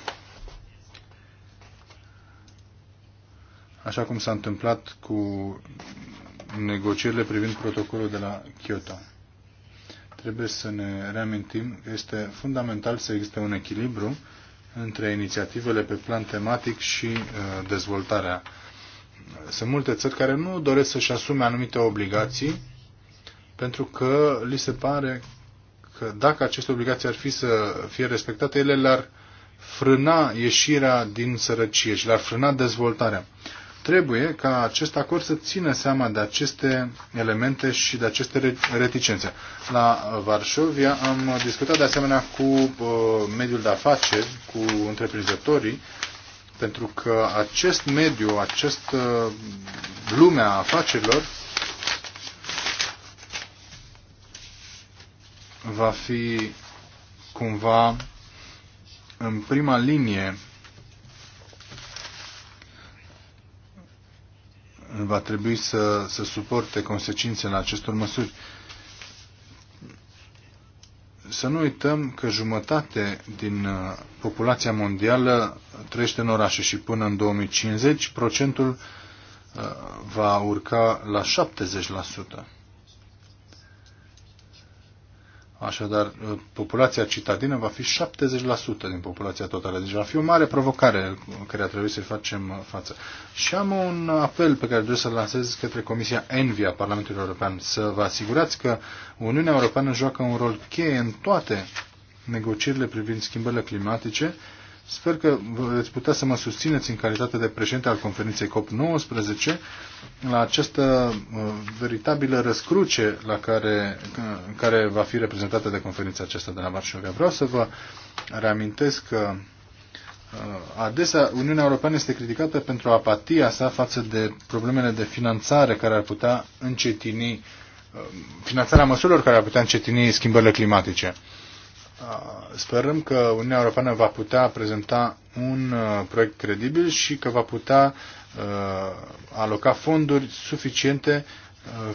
Așa cum s-a întâmplat cu negocierile privind protocolul de la Kyoto. Trebuie să ne reamintim că este fundamental să existe un echilibru între inițiativele pe plan tematic și uh, dezvoltarea. Sunt multe țări care nu doresc să-și asume anumite obligații pentru că li se pare că dacă aceste obligații ar fi să fie respectate, ele le-ar frâna ieșirea din sărăcie și le-ar frâna dezvoltarea. Trebuie ca acest acord să țină seama de aceste elemente și de aceste reticențe. La Varșovia am discutat de asemenea cu uh, mediul de afaceri, cu întreprinzătorii, pentru că acest mediu, acest lumea afacerilor va fi cumva în prima linie va trebui să, să suporte consecințele acestor măsuri. Să nu uităm că jumătate din uh, populația mondială trăiește în orașe și până în 2050 procentul uh, va urca la 70%. Așadar, uh, populația citadină va fi 70% din populația totală. Deci va fi o mare provocare care a trebuit să-i facem față. Și am un apel pe care trebuie să-l lansez către Comisia Envi a Parlamentului European. Să vă asigurați că Uniunea Europeană joacă un rol cheie în toate negocierile privind schimbările climatice Sper că veți putea să mă susțineți în calitate de președinte al conferinței COP19 la această uh, veritabilă răscruce la care, care va fi reprezentată de conferința aceasta de la Varșovia. Vreau să vă reamintesc că uh, adesea Uniunea Europeană este criticată pentru apatia sa față de problemele de finanțare care ar putea încetini uh, finanțarea măsurilor care ar putea încetini schimbările climatice sperăm că Uniunea Europeană va putea prezenta un uh, proiect credibil și că va putea uh, aloca fonduri suficiente uh,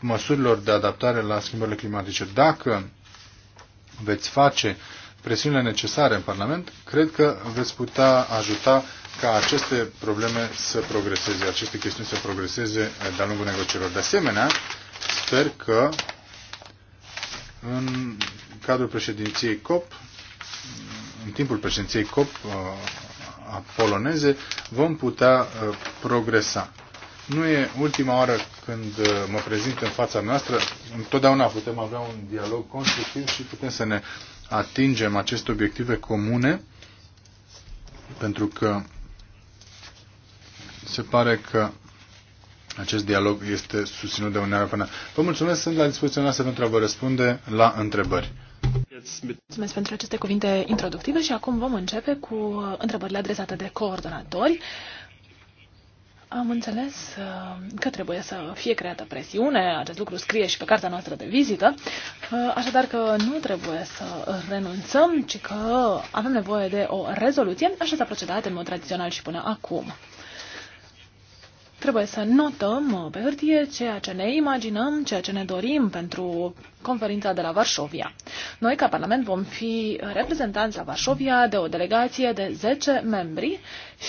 măsurilor de adaptare la schimbările climatice. Dacă veți face presiunile necesare în Parlament, cred că veți putea ajuta ca aceste probleme să progreseze, aceste chestiuni să progreseze de-a lungul negocierilor. De asemenea, sper că în cadrul președinției COP, în timpul președinției COP uh, a poloneze, vom putea uh, progresa. Nu e ultima oară când uh, mă prezint în fața noastră. Întotdeauna putem avea un dialog constructiv și putem să ne atingem aceste obiective comune, pentru că se pare că acest dialog este susținut de Uniunea Europeană. Vă mulțumesc, sunt la dispoziția noastră pentru a vă răspunde la întrebări. Mulțumesc pentru aceste cuvinte introductive și acum vom începe cu întrebările adresate de coordonatori. Am înțeles uh, că trebuie să fie creată presiune, acest lucru scrie și pe cartea noastră de vizită, uh, așadar că nu trebuie să renunțăm, ci că avem nevoie de o rezoluție, așa s-a procedat în mod tradițional și până acum. Trebuie să notăm uh, pe hârtie ceea ce ne imaginăm, ceea ce ne dorim pentru conferința de la Varșovia. Noi, ca Parlament, vom fi reprezentanți la Varșovia de o delegație de 10 membri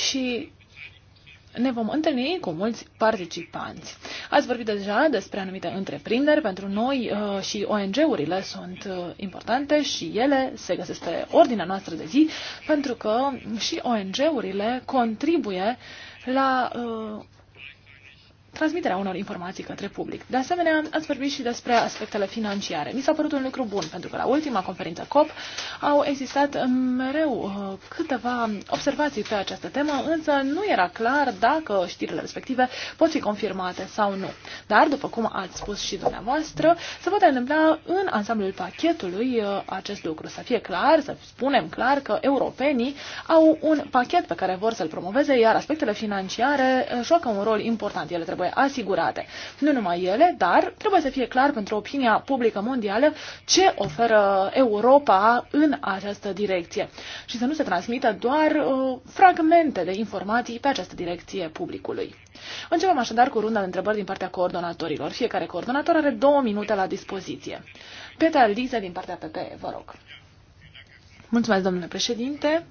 și ne vom întâlni cu mulți participanți. Ați vorbit deja despre anumite întreprinderi. Pentru noi uh, și ONG-urile sunt uh, importante și ele se găsesc pe ordinea noastră de zi pentru că și ONG-urile contribuie la transmiterea unor informații către public. De asemenea, ați vorbit și despre aspectele financiare. Mi s-a părut un lucru bun, pentru că la ultima conferință COP au existat mereu uh, câteva observații pe această temă, însă nu era clar dacă știrile respective pot fi confirmate sau nu. Dar, după cum ați spus și dumneavoastră, se poate întâmpla în ansamblul pachetului uh, acest lucru. Să fie clar, să spunem clar că europenii au un pachet pe care vor să-l promoveze, iar aspectele financiare uh, joacă un rol important. Ele trebuie trebuie asigurate. Nu numai ele, dar trebuie să fie clar pentru opinia publică mondială ce oferă Europa în această direcție și să nu se transmită doar uh, fragmente de informații pe această direcție publicului. Începem așadar cu runda de întrebări din partea coordonatorilor. Fiecare coordonator are două minute la dispoziție. Petra Lise din partea PPE, vă rog. Mulțumesc, domnule președinte.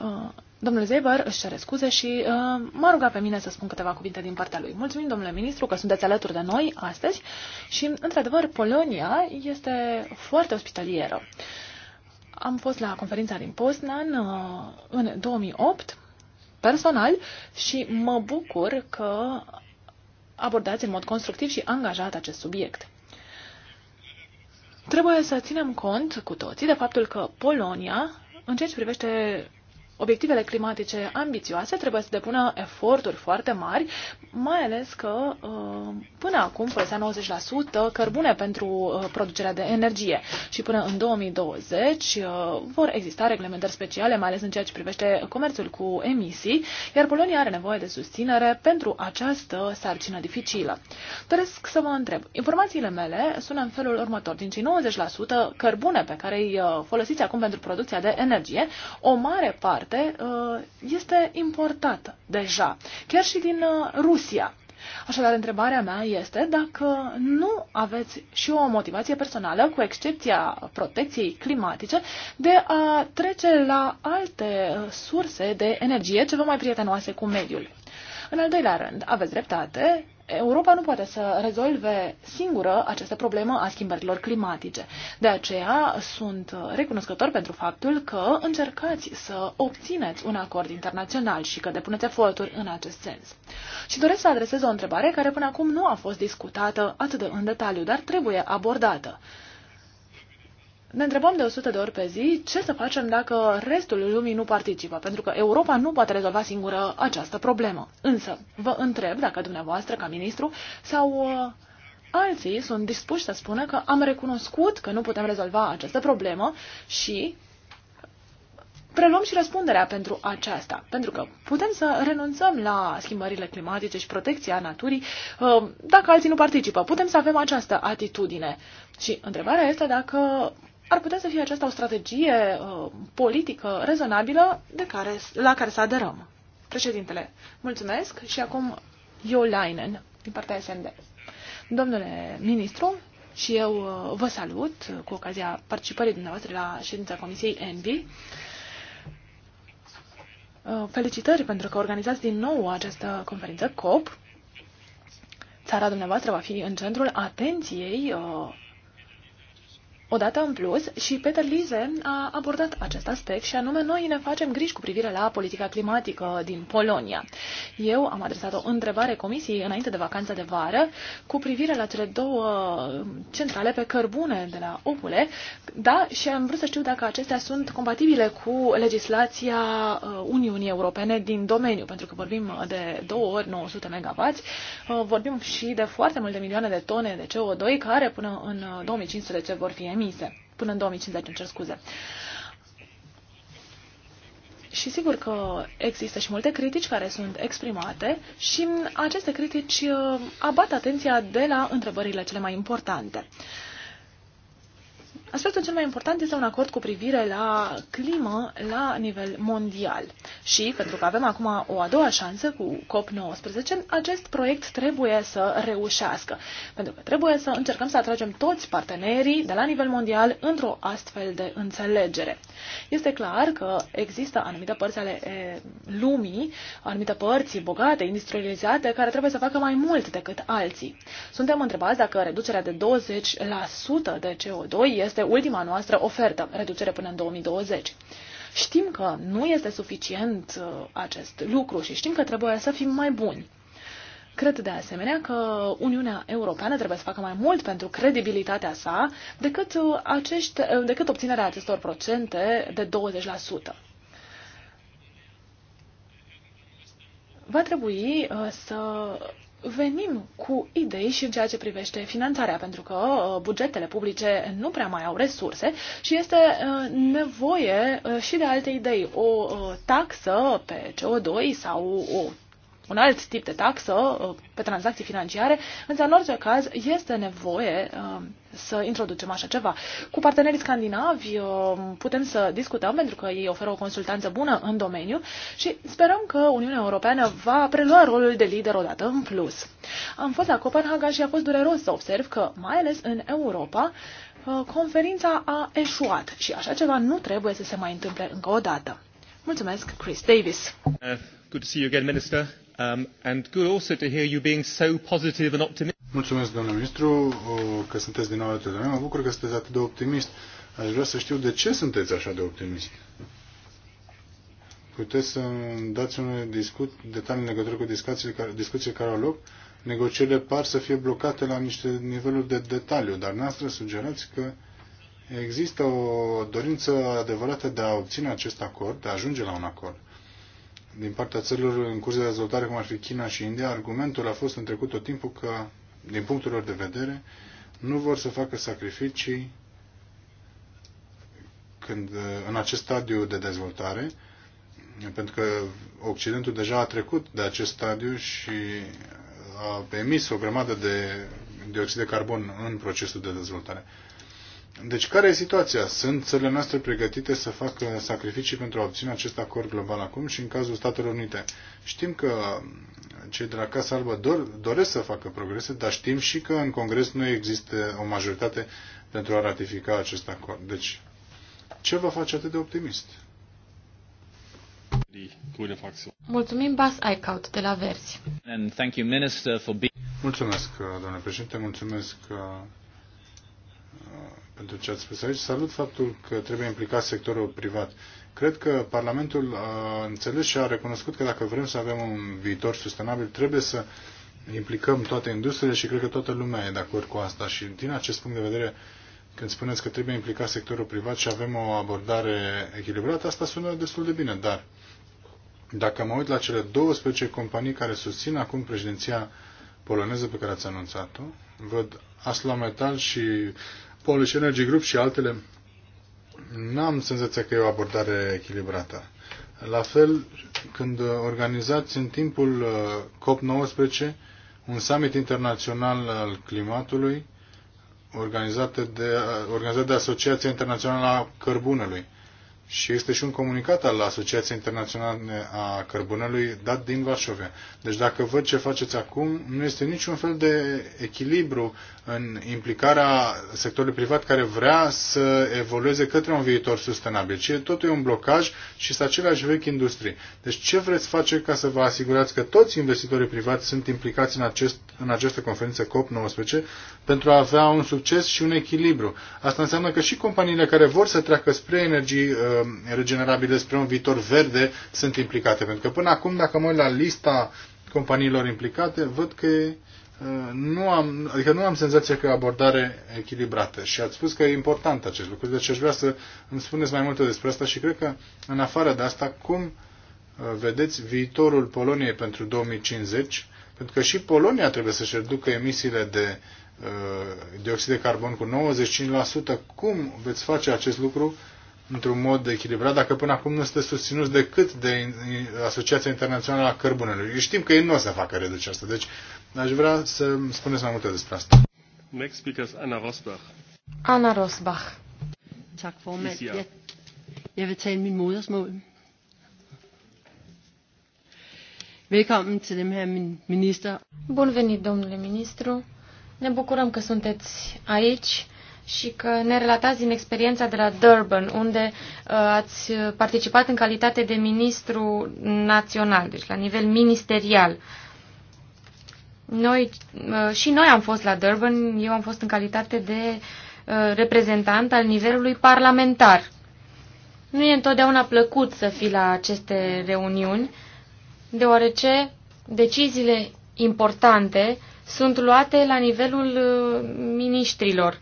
Uh, Domnul Zeber își cere scuze și uh, m-a rugat pe mine să spun câteva cuvinte din partea lui. Mulțumim, domnule ministru, că sunteți alături de noi astăzi și, într-adevăr, Polonia este foarte ospitalieră. Am fost la conferința din Poznan uh, în 2008, personal, și mă bucur că abordați în mod constructiv și angajat acest subiect. Trebuie să ținem cont cu toții de faptul că Polonia, în ceea ce privește obiectivele climatice ambițioase, trebuie să depună eforturi foarte mari, mai ales că uh, până acum folosea 90% cărbune pentru uh, producerea de energie și până în 2020 uh, vor exista reglementări speciale, mai ales în ceea ce privește comerțul cu emisii, iar Polonia are nevoie de susținere pentru această sarcină dificilă. Doresc să vă întreb. Informațiile mele sună în felul următor. Din cei 90% cărbune pe care îi folosiți acum pentru producția de energie, o mare parte parte uh, este importată deja, chiar și din uh, Rusia. Așadar, întrebarea mea este dacă nu aveți și o motivație personală, cu excepția protecției climatice, de a trece la alte uh, surse de energie ceva mai prietenoase cu mediul. În al doilea rând, aveți dreptate, Europa nu poate să rezolve singură această problemă a schimbărilor climatice. De aceea sunt recunoscător pentru faptul că încercați să obțineți un acord internațional și că depuneți eforturi în acest sens. Și doresc să adresez o întrebare care până acum nu a fost discutată atât de în detaliu, dar trebuie abordată ne întrebăm de 100 de ori pe zi ce să facem dacă restul lumii nu participă, pentru că Europa nu poate rezolva singură această problemă. Însă, vă întreb dacă dumneavoastră, ca ministru, sau uh, alții sunt dispuși să spună că am recunoscut că nu putem rezolva această problemă și preluăm și răspunderea pentru aceasta, pentru că putem să renunțăm la schimbările climatice și protecția naturii uh, dacă alții nu participă. Putem să avem această atitudine. Și întrebarea este dacă ar putea să fie aceasta o strategie uh, politică rezonabilă de care, la care să aderăm. Președintele, mulțumesc și acum Leinen din partea SND. Domnule ministru, și eu uh, vă salut uh, cu ocazia participării dumneavoastră la ședința Comisiei ENVI. Uh, felicitări pentru că organizați din nou această conferință COP. Țara dumneavoastră va fi în centrul atenției Odată în plus, și Peter Lise a abordat acest aspect și anume noi ne facem griji cu privire la politica climatică din Polonia. Eu am adresat o întrebare comisiei înainte de vacanța de vară cu privire la cele două centrale pe cărbune de la Opule, da, și am vrut să știu dacă acestea sunt compatibile cu legislația uh, Uniunii Europene din domeniu, pentru că vorbim uh, de două ori 900 MW, uh, vorbim și de foarte multe milioane de tone de CO2 care până în 2015 vor fi emise permise, până în 2050, îmi cer scuze. Și sigur că există și multe critici care sunt exprimate și aceste critici uh, abat atenția de la întrebările cele mai importante. Aspectul cel mai important este un acord cu privire la climă la nivel mondial. Și, pentru că avem acum o a doua șansă cu COP19, acest proiect trebuie să reușească. Pentru că trebuie să încercăm să atragem toți partenerii de la nivel mondial într-o astfel de înțelegere. Este clar că există anumite părți ale lumii, anumite părți bogate, industrializate, care trebuie să facă mai mult decât alții. Suntem întrebați dacă reducerea de 20% de CO2 este este ultima noastră ofertă, reducere până în 2020. Știm că nu este suficient uh, acest lucru și știm că trebuie să fim mai buni. Cred de asemenea că Uniunea Europeană trebuie să facă mai mult pentru credibilitatea sa decât, uh, acești, uh, decât obținerea acestor procente de 20%. Va trebui să venim cu idei și în ceea ce privește finanțarea, pentru că uh, bugetele publice nu prea mai au resurse și este uh, nevoie uh, și de alte idei. O taxă pe CO2 sau o un alt tip de taxă pe tranzacții financiare, însă în orice caz este nevoie să introducem așa ceva. Cu partenerii scandinavi uh, putem să discutăm pentru că ei oferă o consultanță bună în domeniu și sperăm că Uniunea Europeană va prelua rolul de lider odată în plus. Am fost la Copenhaga și a fost dureros să observ că, mai ales în Europa, uh, conferința a eșuat și așa ceva nu trebuie să se mai întâmple încă o dată. Mulțumesc, Chris Davis. Uh, good to see you again, Minister. Um, and good also to hear you being so positive and optimistic Mulțumesc, domnule ministru, că sunteți din nou alături de noi. Mă bucur că sunteți atât de optimist. Aș vrea să știu de ce sunteți așa de optimist. Puteți să dați un discut, detalii în legătură cu discuțiile care, discuțiile care au loc. Negocierile par să fie blocate la niște niveluri de detaliu, dar noastră sugerați că există o dorință adevărată de a obține acest acord, de a ajunge la un acord din partea țărilor în curs de dezvoltare, cum ar fi China și India, argumentul a fost în trecut tot timpul că din punctul lor de vedere, nu vor să facă sacrificii când, în acest stadiu de dezvoltare, pentru că Occidentul deja a trecut de acest stadiu și a emis o grămadă de dioxid de carbon în procesul de dezvoltare. Deci, care e situația? Sunt țările noastre pregătite să facă sacrificii pentru a obține acest acord global acum și în cazul Statelor Unite? Știm că cei de la Casa Albă dor, doresc să facă progrese, dar știm și că în Congres nu există o majoritate pentru a ratifica acest acord. Deci, ce vă face atât de optimist? Mulțumim, Bas Aikaut, de la Verzi. Mulțumesc, domnule președinte, mulțumesc pentru ce ați spus aici. Salut faptul că trebuie implicat sectorul privat. Cred că Parlamentul a înțeles și a recunoscut că dacă vrem să avem un viitor sustenabil, trebuie să implicăm toate industriile și cred că toată lumea e de acord cu asta. Și din acest punct de vedere, când spuneți că trebuie implicat sectorul privat și avem o abordare echilibrată, asta sună destul de bine, dar dacă mă uit la cele 12 companii care susțin acum președinția poloneză pe care ați anunțat-o, văd Aslametal Metal și Polish Energy Group și altele, n-am senzația că e o abordare echilibrată. La fel, când organizați în timpul uh, COP19 un summit internațional al climatului organizat de, uh, organizat de Asociația Internațională a Cărbunelui, și este și un comunicat al Asociației Internaționale a Cărbunelui dat din Varșovia. Deci dacă văd ce faceți acum, nu este niciun fel de echilibru în implicarea sectorului privat care vrea să evolueze către un viitor sustenabil. Ci totul e un blocaj și sunt aceleași vechi industrie. Deci ce vreți face ca să vă asigurați că toți investitorii privați sunt implicați în, acest, în această conferință COP19 pentru a avea un succes și un echilibru? Asta înseamnă că și companiile care vor să treacă spre energii uh, Uh, regenerabile spre un viitor verde sunt implicate. Pentru că până acum, dacă mă uit la lista companiilor implicate, văd că uh, nu am, adică nu am senzația că e o abordare echilibrată și ați spus că e important acest lucru, deci aș vrea să îmi spuneți mai multe despre asta și cred că în afară de asta, cum uh, vedeți viitorul Poloniei pentru 2050, pentru că și Polonia trebuie să-și reducă emisiile de uh, dioxid de carbon cu 95%, cum veți face acest lucru într-un mod echilibrat, dacă până acum nu sunteți susținuți decât de Asociația Internațională a Cărbunelui. Știm că ei nu o să facă reducerea asta, deci aș vrea să spuneți mai multe despre asta. Next speaker is Anna Rosbach. Anna Rosbach. Tak, formand. Jeg, jeg vil tale min modersmål. Velkommen til dem her, min minister. Bun venit, domnule ministru. Ne bucurăm că sunteți aici și că ne relatați din experiența de la Durban, unde uh, ați participat în calitate de ministru național, deci la nivel ministerial. Noi, uh, și noi am fost la Durban, eu am fost în calitate de uh, reprezentant al nivelului parlamentar. Nu e întotdeauna plăcut să fii la aceste reuniuni, deoarece deciziile importante sunt luate la nivelul miniștrilor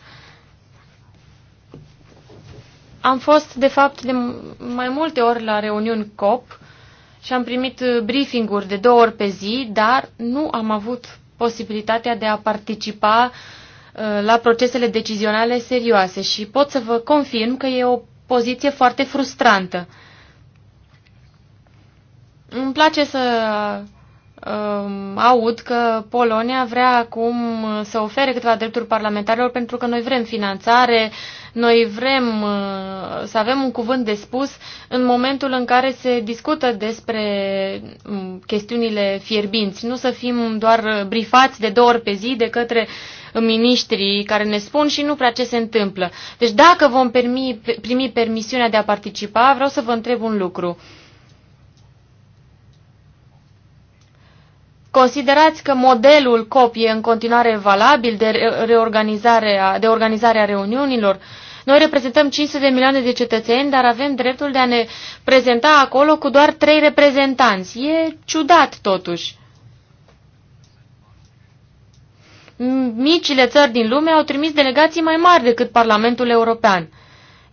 am fost, de fapt, de mai multe ori la reuniuni COP și am primit uh, briefing-uri de două ori pe zi, dar nu am avut posibilitatea de a participa uh, la procesele decizionale serioase și pot să vă confirm că e o poziție foarte frustrantă. Îmi place să uh, aud că Polonia vrea acum să ofere câteva drepturi parlamentarilor pentru că noi vrem finanțare, noi vrem uh, să avem un cuvânt de spus în momentul în care se discută despre um, chestiunile fierbinți, nu să fim doar brifați de două ori pe zi de către miniștrii care ne spun și nu prea ce se întâmplă. Deci dacă vom primi, primi permisiunea de a participa, vreau să vă întreb un lucru. Uh, Considerați că modelul COP e în continuare valabil de, reorganizare a, de organizarea reuniunilor? Noi reprezentăm 500 de milioane de cetățeni, dar avem dreptul de a ne prezenta acolo cu doar trei reprezentanți. E ciudat totuși. Micile țări din lume au trimis delegații mai mari decât Parlamentul European.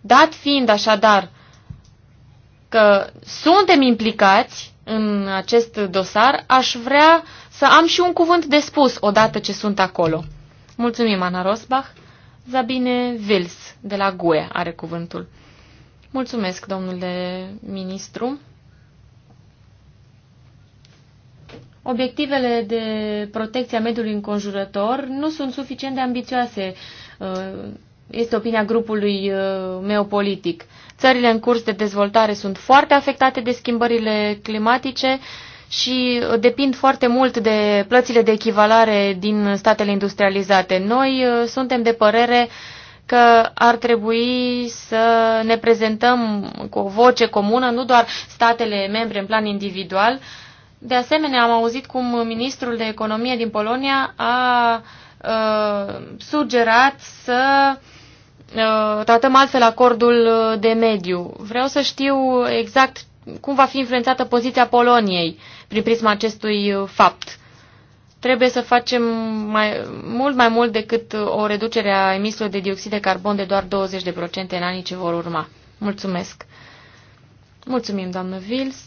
Dat fiind așadar că suntem implicați, în acest dosar, aș vrea să am și un cuvânt de spus odată ce sunt acolo. Mulțumim, Ana Rosbach. Zabine Vils, de la GUE, are cuvântul. Mulțumesc, domnule ministru. Obiectivele de protecție a mediului înconjurător nu sunt suficient de ambițioase, uh, este opinia grupului uh, meu politic. Țările în curs de dezvoltare sunt foarte afectate de schimbările climatice și depind foarte mult de plățile de echivalare din statele industrializate. Noi uh, suntem de părere că ar trebui să ne prezentăm cu o voce comună, nu doar statele membre în plan individual. De asemenea, am auzit cum ministrul de economie din Polonia a uh, sugerat să uh, Uh, tratăm altfel acordul uh, de mediu. Vreau să știu exact cum va fi influențată poziția Poloniei prin prisma acestui uh, fapt. Trebuie să facem mai, mult mai mult decât o reducere a emisiilor de dioxid de carbon de doar 20% în anii ce vor urma. Mulțumesc! Mulțumim, doamnă Vils.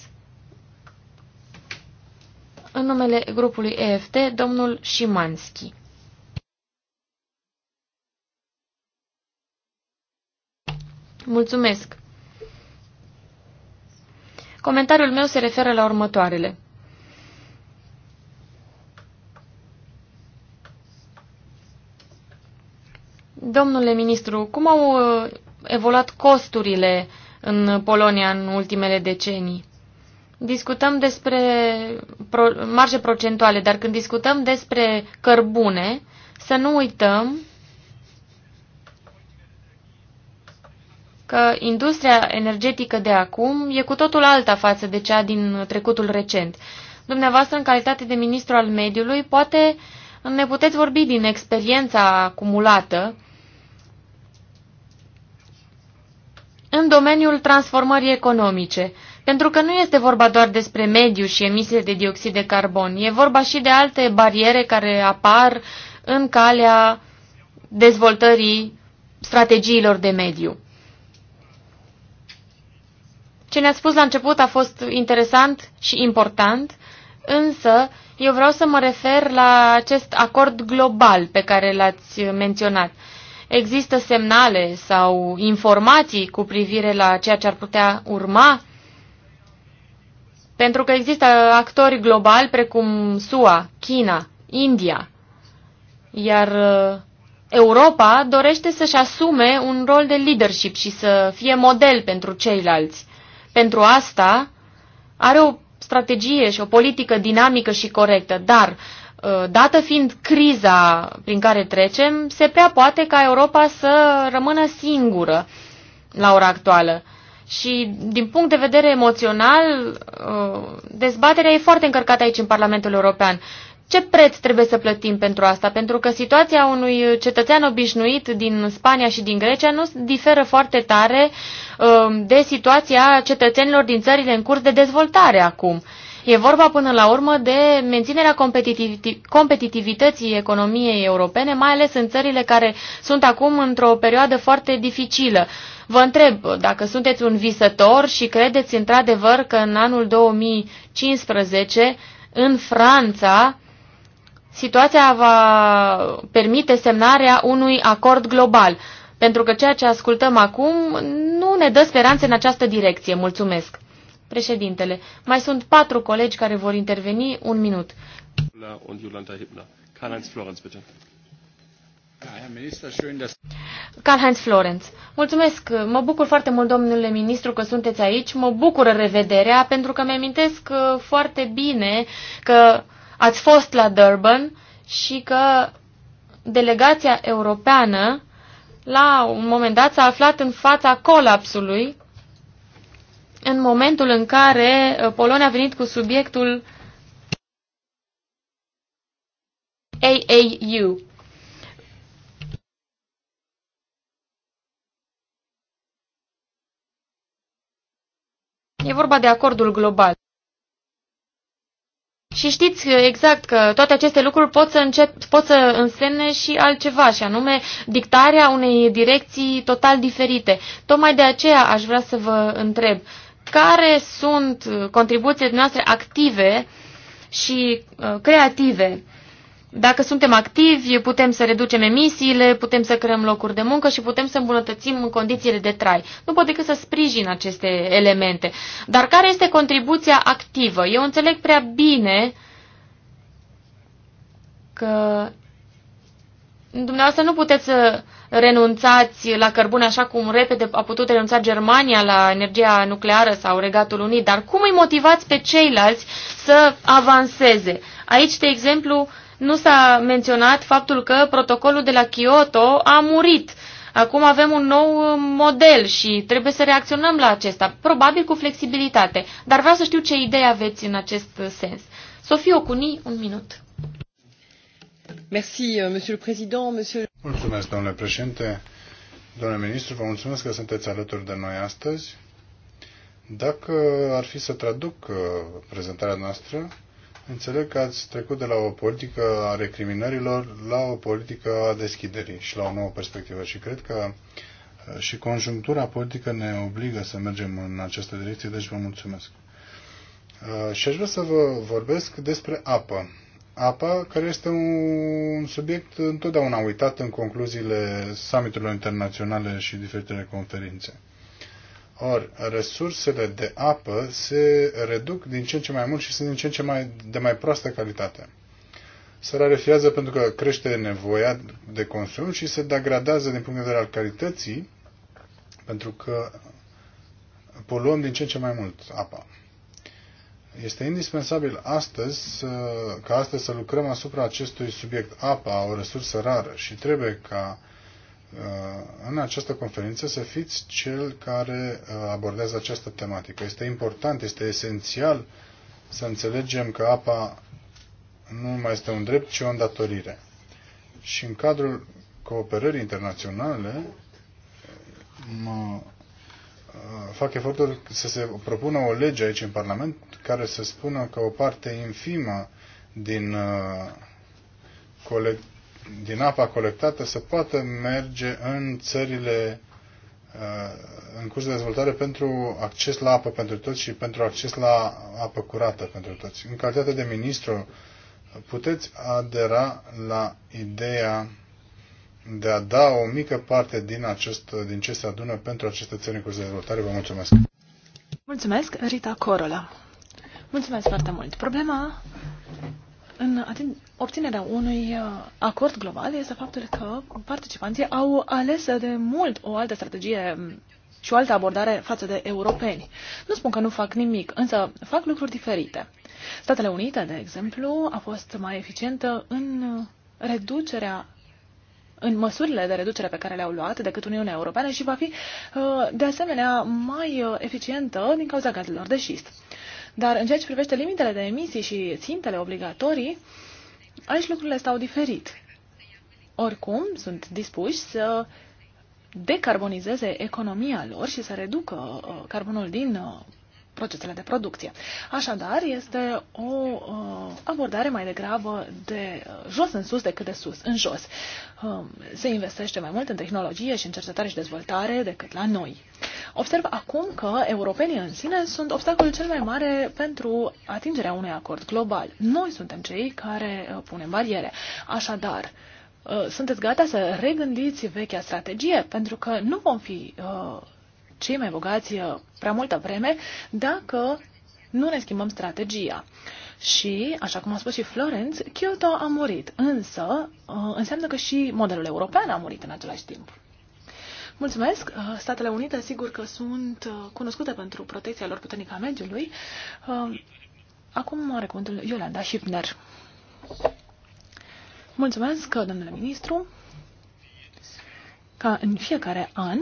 În numele grupului EFT, domnul Șimanski. Mulțumesc! Comentariul meu se referă la următoarele. Domnule ministru, cum au uh, evoluat costurile în Polonia în ultimele decenii? Discutăm despre marge procentuale, dar când discutăm despre cărbune, să nu uităm că industria energetică de acum e cu totul alta față de cea din trecutul recent. Dumneavoastră, în calitate de ministru al mediului, poate ne puteți vorbi din experiența acumulată în domeniul transformării economice, pentru că nu este vorba doar despre mediu și emisiile de dioxid de carbon, e vorba și de alte bariere care apar în calea dezvoltării strategiilor de mediu. Ce ne-a spus la început a fost interesant și important, însă eu vreau să mă refer la acest acord global pe care l-ați menționat. Există semnale sau informații cu privire la ceea ce ar putea urma? Pentru că există actori globali precum SUA, China, India, iar uh, Europa dorește să-și asume un rol de leadership și să fie model pentru ceilalți. Pentru asta are o strategie și o politică dinamică și corectă, dar uh, dată fiind criza prin care trecem, se prea poate ca Europa să rămână singură la ora actuală. Și din punct de vedere emoțional, uh, dezbaterea e foarte încărcată aici în Parlamentul European. Ce preț trebuie să plătim pentru asta? Pentru că situația unui cetățean obișnuit din Spania și din Grecia nu diferă foarte tare um, de situația cetățenilor din țările în curs de dezvoltare acum. E vorba până la urmă de menținerea competitivității economiei europene, mai ales în țările care sunt acum într-o perioadă foarte dificilă. Vă întreb dacă sunteți un visător și credeți într-adevăr că în anul 2015 în Franța situația va permite semnarea unui acord global, pentru că ceea ce ascultăm acum nu ne dă speranțe în această direcție. Mulțumesc. Președintele, mai sunt patru colegi care vor interveni. Un minut. Karl-Heinz Florenz, mulțumesc, mă bucur foarte mult, domnule ministru, că sunteți aici, mă bucură revederea, pentru că mi-amintesc uh, foarte bine că ați fost la Durban și că delegația europeană la un moment dat s-a aflat în fața colapsului în momentul în care uh, Polonia a venit cu subiectul AAU. E vorba de acordul global. Și știți exact că toate aceste lucruri pot să, încep, pot să însemne și altceva, și anume dictarea unei direcții total diferite. Tocmai de aceea aș vrea să vă întreb, care sunt contribuțiile noastre active și uh, creative dacă suntem activi, putem să reducem emisiile, putem să creăm locuri de muncă și putem să îmbunătățim condițiile de trai. Nu pot decât să sprijin aceste elemente. Dar care este contribuția activă? Eu înțeleg prea bine că dumneavoastră nu puteți să renunțați la cărbune așa cum repede a putut renunța Germania la energia nucleară sau Regatul Unit, dar cum îi motivați pe ceilalți să avanseze? Aici, de exemplu, nu s-a menționat faptul că protocolul de la Kyoto a murit. Acum avem un nou model și trebuie să reacționăm la acesta, probabil cu flexibilitate. Dar vreau să știu ce idei aveți în acest sens. Sofie Ocuni, un minut. Merci, euh, monsieur le président, monsieur... Mulțumesc, domnule președinte. Domnule ministru, vă mulțumesc că sunteți alături de noi astăzi. Dacă ar fi să traduc uh, prezentarea noastră, Înțeleg că ați trecut de la o politică a recriminărilor la o politică a deschiderii și la o nouă perspectivă și cred că uh, și conjunctura politică ne obligă să mergem în această direcție, deci vă mulțumesc. Uh, și aș vrea să vă vorbesc despre apă. Apa, care este un subiect întotdeauna uitat în concluziile summiturilor internaționale și diferitele conferințe. Ori resursele de apă se reduc din ce în ce mai mult și sunt din ce în ce mai, de mai proastă calitate. Se rarefiază pentru că crește nevoia de consum și se degradează din punct de vedere al calității pentru că poluăm din ce în ce mai mult apa. Este indispensabil astăzi ca astăzi să lucrăm asupra acestui subiect. Apa, o resursă rară și trebuie ca Uh, în această conferință să fiți cel care uh, abordează această tematică. Este important, este esențial să înțelegem că apa nu mai este un drept, ci o îndatorire. Și în cadrul cooperării internaționale uh, mă fac efortul să se propună o lege aici în Parlament care să spună că o parte infimă din din apa colectată să poată merge în țările uh, în curs de dezvoltare pentru acces la apă pentru toți și pentru acces la apă curată pentru toți. În calitate de ministru, puteți adera la ideea de a da o mică parte din, acest, din ce se adună pentru aceste țări în curs de dezvoltare. Vă mulțumesc! Mulțumesc, Rita Corola! Mulțumesc foarte mult! Problema în obținerea unui uh, acord global este faptul că participanții au ales de mult o altă strategie mm, și o altă abordare față de europeni. Nu spun că nu fac nimic, însă fac lucruri diferite. Statele Unite, de exemplu, a fost mai eficientă în reducerea în măsurile de reducere pe care le-au luat decât Uniunea Europeană și va fi uh, de asemenea mai uh, eficientă din cauza gazelor de șist. Dar în ceea ce privește limitele de emisii și țintele obligatorii, aici lucrurile stau diferit. Oricum, sunt dispuși să decarbonizeze economia lor și să reducă uh, carbonul din uh, procesele de producție. Așadar, este o uh, abordare mai degrabă de uh, jos în sus decât de sus în jos. Uh, se investește mai mult în tehnologie și în cercetare și dezvoltare decât la noi. Observ acum că europenii în sine sunt obstacolul cel mai mare pentru atingerea unui acord global. Noi suntem cei care uh, punem bariere. Așadar, uh, sunteți gata să regândiți vechea strategie, pentru că nu vom fi uh, cei mai bogați uh, prea multă vreme dacă nu ne schimbăm strategia. Și, așa cum a spus și Florence, Kyoto a murit, însă uh, înseamnă că și modelul european a murit în același timp. Mulțumesc! Uh, Statele Unite, sigur că sunt cunoscute pentru protecția lor puternică a mediului. Acum are cuvântul Iolanda Hübner. Mulțumesc, domnule ministru, ca în fiecare an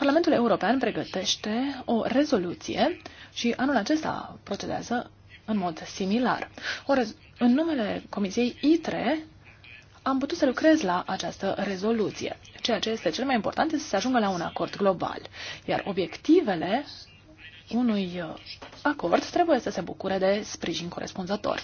Parlamentul European pregătește o rezoluție și anul acesta procedează în mod similar. O în numele Comisiei ITRE am putut să lucrez la această rezoluție. Ceea ce este cel mai important este să se ajungă la un acord global, iar obiectivele unui acord trebuie să se bucure de sprijin corespunzător.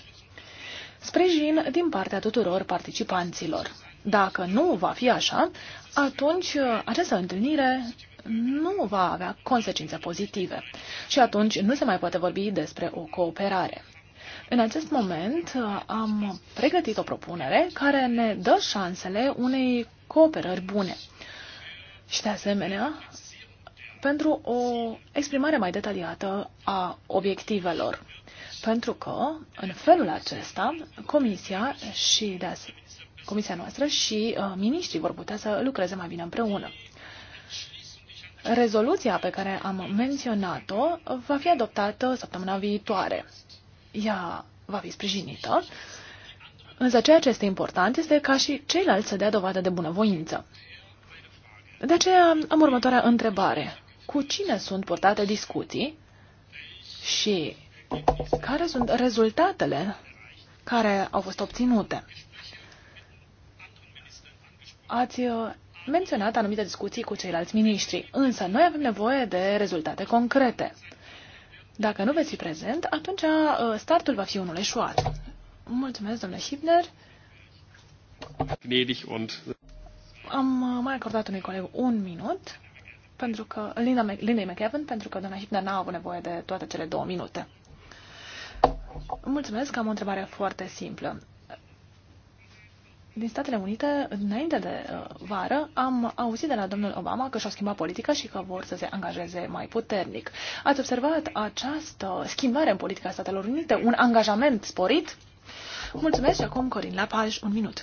Sprijin din partea tuturor participanților. Dacă nu va fi așa, atunci această întâlnire nu va avea consecințe pozitive. Și atunci nu se mai poate vorbi despre o cooperare. În acest moment uh, am pregătit o propunere care ne dă șansele unei cooperări bune. Și de asemenea, pentru o exprimare mai detaliată a obiectivelor. Pentru că, în felul acesta, Comisia și de Comisia noastră și uh, miniștrii vor putea să lucreze mai bine împreună. Rezoluția pe care am menționat-o va fi adoptată săptămâna viitoare. Ea va fi sprijinită, însă ceea ce este important este ca și ceilalți să dea dovadă de bunăvoință. De aceea am următoarea întrebare. Cu cine sunt portate discuții și care sunt rezultatele care au fost obținute? Ați menționat anumite discuții cu ceilalți miniștri, însă noi avem nevoie de rezultate concrete. Dacă nu veți fi prezent, atunci uh, startul va fi unul eșuat. Mulțumesc, domnule Hibner. Am uh, mai acordat unui coleg un minut, pentru că Linda, Linda McEvan, pentru că doamna Hibner n-a avut nevoie de toate cele două minute. Mulțumesc, am o întrebare foarte simplă din Statele Unite, înainte de uh, vară, am auzit de la domnul Obama că și-a schimbat politica și că vor să se angajeze mai puternic. Ați observat această schimbare în politica Statelor Unite, un angajament sporit? Mulțumesc și acum Corin Lapaj, un minut.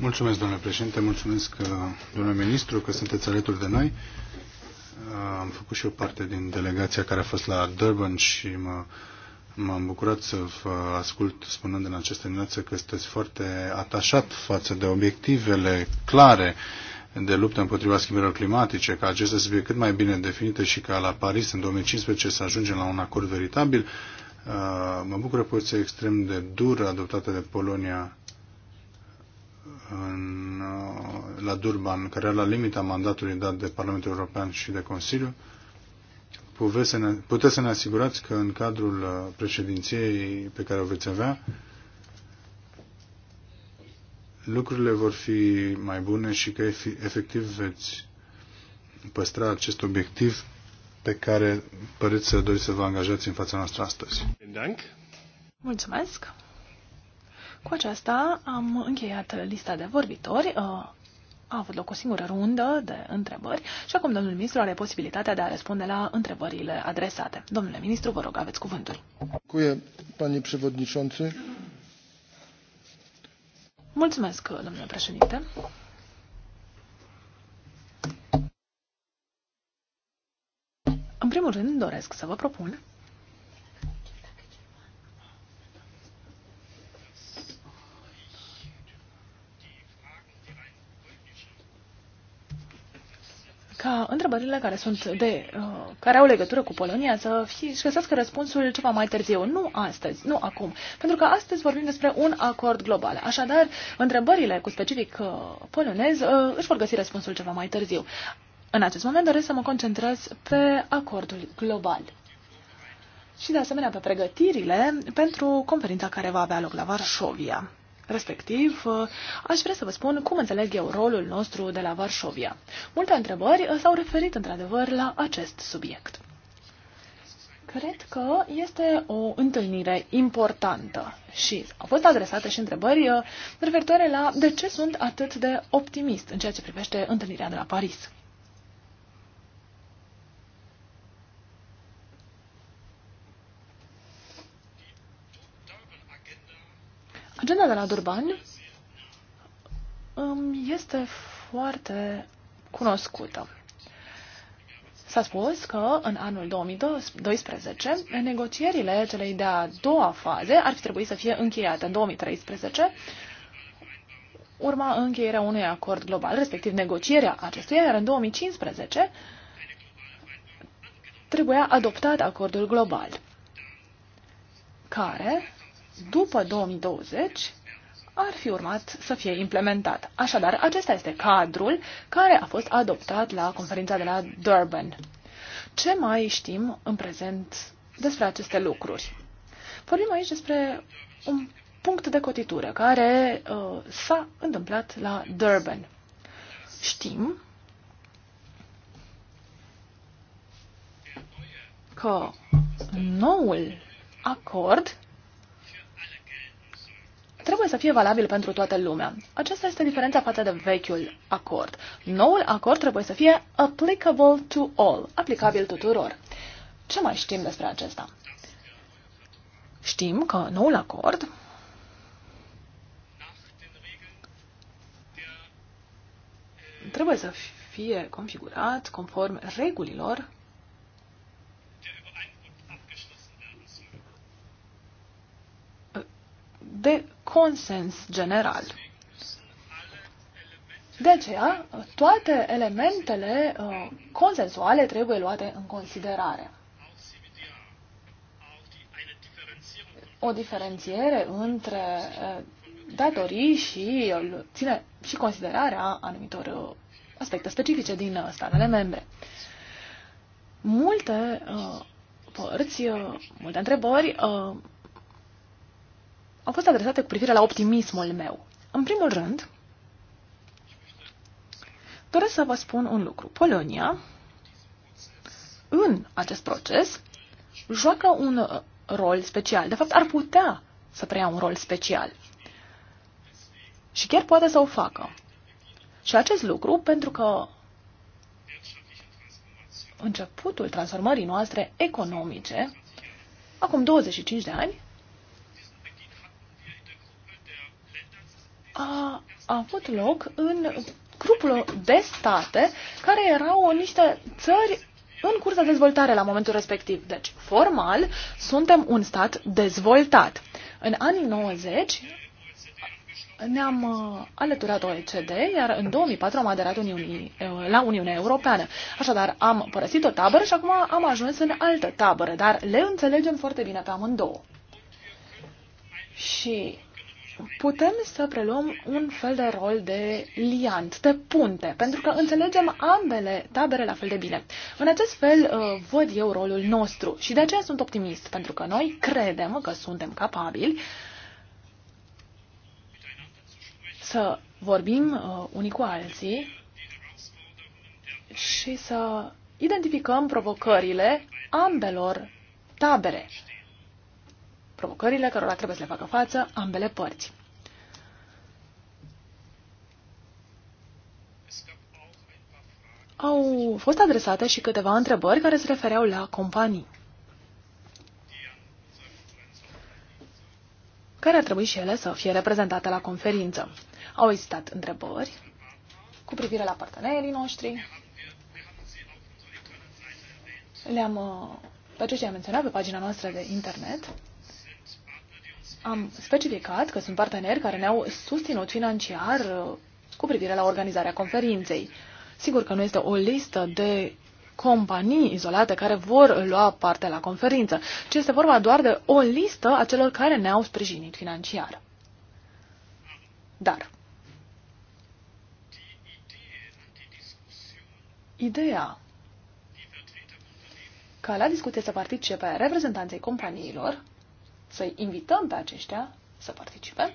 Mulțumesc, domnule președinte, mulțumesc, uh, domnule ministru, că sunteți alături de noi. Uh, am făcut și eu parte din delegația care a fost la Durban și mă M-am bucurat să vă ascult spunând în această dimineață că sunteți foarte atașat față de obiectivele clare de luptă împotriva schimbărilor climatice, ca acestea să fie cât mai bine definite și ca la Paris în 2015 să ajungem la un acord veritabil. Uh, mă bucură poziția extrem de dură adoptată de Polonia în, uh, la Durban, care era la limita mandatului dat de Parlamentul European și de Consiliu puteți să ne asigurați că în cadrul uh, președinției pe care o veți avea, lucrurile vor fi mai bune și că efectiv veți păstra acest obiectiv pe care păreți să doriți să vă angajați în fața noastră astăzi. Mulțumesc! Cu aceasta am încheiat lista de vorbitori. Uh, a avut loc o singură rundă de întrebări și acum domnul ministru are posibilitatea de a răspunde la întrebările adresate. Domnule ministru, vă rog, aveți cuvântul. Dziękuję, panie przewodniczący. Mulțumesc, domnule președinte. În primul rând, doresc să vă propun ca întrebările care sunt de, uh, care au legătură cu Polonia să fie, și găsească răspunsul ceva mai târziu, nu astăzi, nu acum, pentru că astăzi vorbim despre un acord global. Așadar, întrebările cu specific uh, polonez uh, își vor găsi răspunsul ceva mai târziu. În acest moment doresc să mă concentrez pe acordul global și de asemenea pe pregătirile pentru conferința care va avea loc la Varșovia. Respectiv, uh, aș vrea să vă spun cum înțeleg eu rolul nostru de la Varșovia. Multe întrebări uh, s-au referit într-adevăr la acest subiect. Cred că este o întâlnire importantă și au fost adresate și întrebări uh, referitoare la de ce sunt atât de optimist în ceea ce privește întâlnirea de la Paris. Agenda de la Durban um, este foarte cunoscută. S-a spus că în anul 2012 negocierile celei de-a doua faze ar fi trebuit să fie încheiate în 2013, urma încheierea unui acord global, respectiv negocierea acestuia, iar în 2015 trebuia adoptat acordul global, care după 2020 ar fi urmat să fie implementat. Așadar, acesta este cadrul care a fost adoptat la conferința de la Durban. Ce mai știm în prezent despre aceste lucruri? Vorbim aici despre un punct de cotitură care uh, s-a întâmplat la Durban. Știm că noul acord trebuie să fie valabil pentru toată lumea. Aceasta este diferența față de vechiul acord. Noul acord trebuie să fie applicable to all, aplicabil tuturor. Ce mai știm despre acesta? Știm că noul acord trebuie să fie configurat conform regulilor de consens general. De aceea, toate elementele uh, consensuale trebuie luate în considerare. O diferențiere între uh, datorii și uh, ține și considerarea anumitor aspecte specifice din statele membre. Multe uh, părți, uh, multe întrebări uh, au fost adresate cu privire la optimismul meu. În primul rând, doresc să vă spun un lucru. Polonia, în acest proces, joacă un uh, rol special. De fapt, ar putea să preia un rol special. Și chiar poate să o facă. Și acest lucru pentru că începutul transformării noastre economice, acum 25 de ani, a, a avut loc în grupul de state care erau niște țări în curs de dezvoltare la momentul respectiv. Deci, formal, suntem un stat dezvoltat. În anii 90 ne-am uh, alăturat OECD, iar în 2004 am aderat Uniunii, uh, la Uniunea Europeană. Așadar, am părăsit o tabără și acum am ajuns în altă tabără, dar le înțelegem foarte bine pe amândouă. Și putem să preluăm un fel de rol de liant, de punte, pentru că înțelegem ambele tabere la fel de bine. În acest fel uh, văd eu rolul nostru și de aceea sunt optimist, pentru că noi credem că suntem capabili să vorbim uh, unii cu alții și să identificăm provocările ambelor tabere provocările cărora trebuie să le facă față ambele părți. Au fost adresate și câteva întrebări care se refereau la companii. care ar trebui și ele să fie reprezentate la conferință. Au existat întrebări cu privire la partenerii noștri. Le-am, uh, pe ce am menționat pe pagina noastră de internet am specificat că sunt parteneri care ne-au susținut financiar uh, cu privire la organizarea conferinței. Sigur că nu este o listă de companii izolate care vor lua parte la conferință, ci este vorba doar de o listă a celor care ne-au sprijinit financiar. Dar ideea ca la discuție să participe reprezentanții companiilor să-i invităm pe aceștia să participe.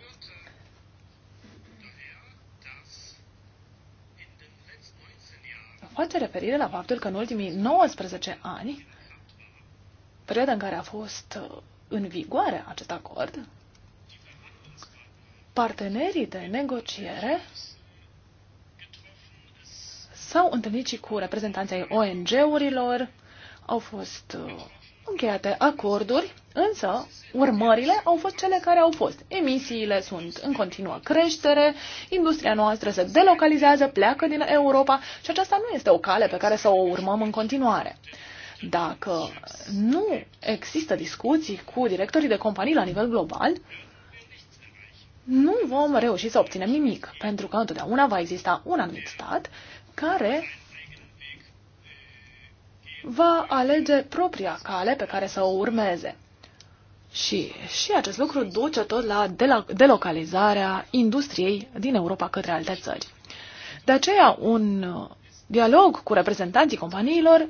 Face referire la faptul că în ultimii 19 ani, perioada în care a fost uh, în vigoare acest acord, partenerii de negociere s-au întâlnit și cu reprezentanții ONG-urilor, au fost uh, încheiate acorduri Însă, urmările au fost cele care au fost. Emisiile sunt în continuă creștere, industria noastră se delocalizează, pleacă din Europa și aceasta nu este o cale pe care să o urmăm în continuare. Dacă nu există discuții cu directorii de companii la nivel global, nu vom reuși să obținem nimic, pentru că întotdeauna va exista un anumit stat care va alege propria cale pe care să o urmeze. Și, și acest lucru duce tot la delocalizarea industriei din Europa către alte țări. De aceea, un dialog cu reprezentanții companiilor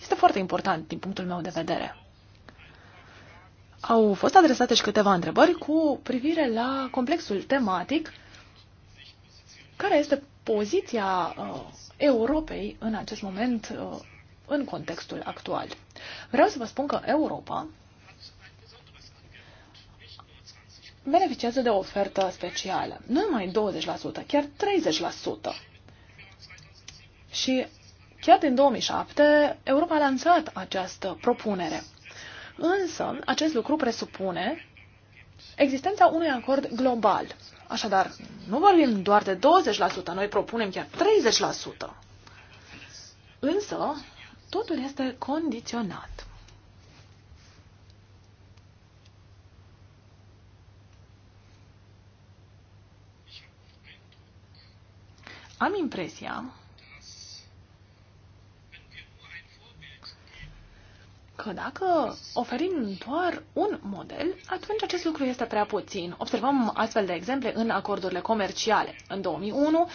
este foarte important din punctul meu de vedere. Au fost adresate și câteva întrebări cu privire la complexul tematic care este poziția uh, Europei în acest moment uh, în contextul actual. Vreau să vă spun că Europa beneficiază de o ofertă specială. Nu numai 20%, chiar 30%. Și chiar din 2007, Europa a lansat această propunere. Însă, acest lucru presupune existența unui acord global. Așadar, nu vorbim doar de 20%, noi propunem chiar 30%. Însă, totul este condiționat. Am impresia că dacă oferim doar un model, atunci acest lucru este prea puțin. Observăm astfel de exemple în acordurile comerciale. În 2001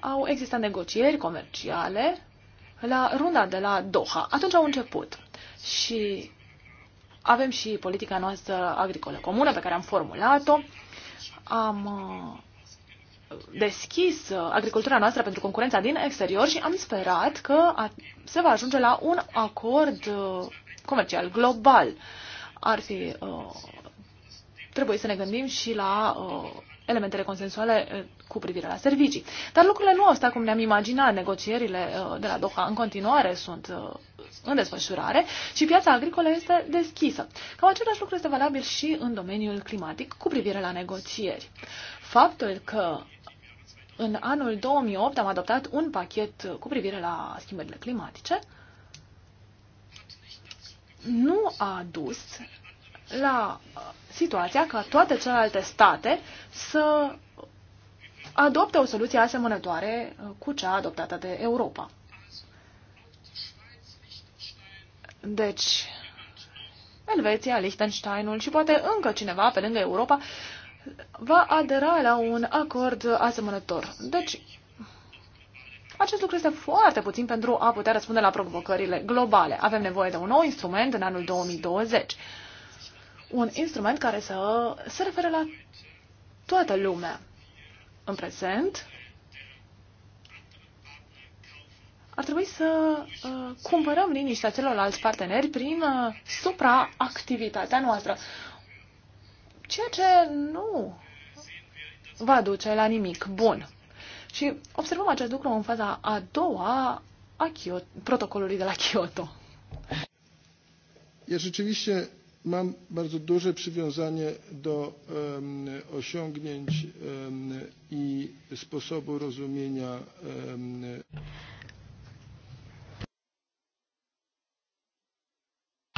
au existat negocieri comerciale la runda de la Doha. Atunci au început. Și avem și politica noastră agricolă comună pe care am formulat-o. Am uh, deschis uh, agricultura noastră pentru concurența din exterior și am sperat că se va ajunge la un acord uh, comercial global. Ar fi uh, trebuie să ne gândim și la elementele consensuale cu privire la servicii. Dar lucrurile nu au stat cum ne-am imaginat. Negocierile de la Doha în continuare sunt în desfășurare și piața agricolă este deschisă. Cam același lucru este valabil și în domeniul climatic cu privire la negocieri. Faptul că în anul 2008 am adoptat un pachet cu privire la schimbările climatice. Nu a dus la uh, situația ca toate celelalte state să adopte o soluție asemănătoare uh, cu cea adoptată de Europa. Deci, Elveția, Liechtensteinul și poate încă cineva pe lângă Europa va adera la un acord asemănător. Deci, acest lucru este foarte puțin pentru a putea răspunde la provocările globale. Avem nevoie de un nou instrument în anul 2020. Un instrument care să se refere la toată lumea. În prezent, ar trebui să uh, cumpărăm liniștea celorlalți parteneri prin uh, supraactivitatea noastră ceea ce nu va duce la nimic bun. Și observăm acest lucru în faza a doua a Kyoto, protocolului de la Kyoto. Ja rzeczywiście mam bardzo duże przywiązanie do um, osiągnięć um, i sposobu rozumienia. Um,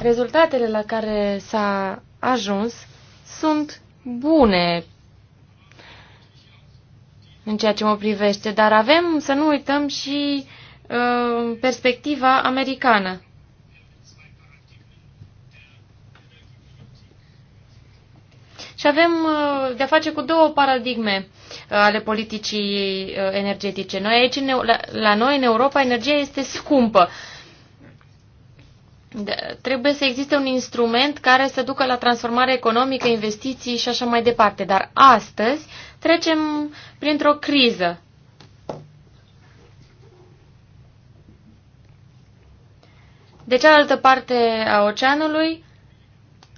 Rezultatele la care s-a ajuns sunt bune în ceea ce mă privește, dar avem să nu uităm și uh, perspectiva americană. Și avem uh, de-a face cu două paradigme uh, ale politicii uh, energetice. Noi aici, la, la noi, în Europa, energia este scumpă. Uh, trebuie să existe un instrument care să ducă la transformare economică, investiții și așa mai departe. Dar astăzi trecem printr-o criză. De cealaltă parte a oceanului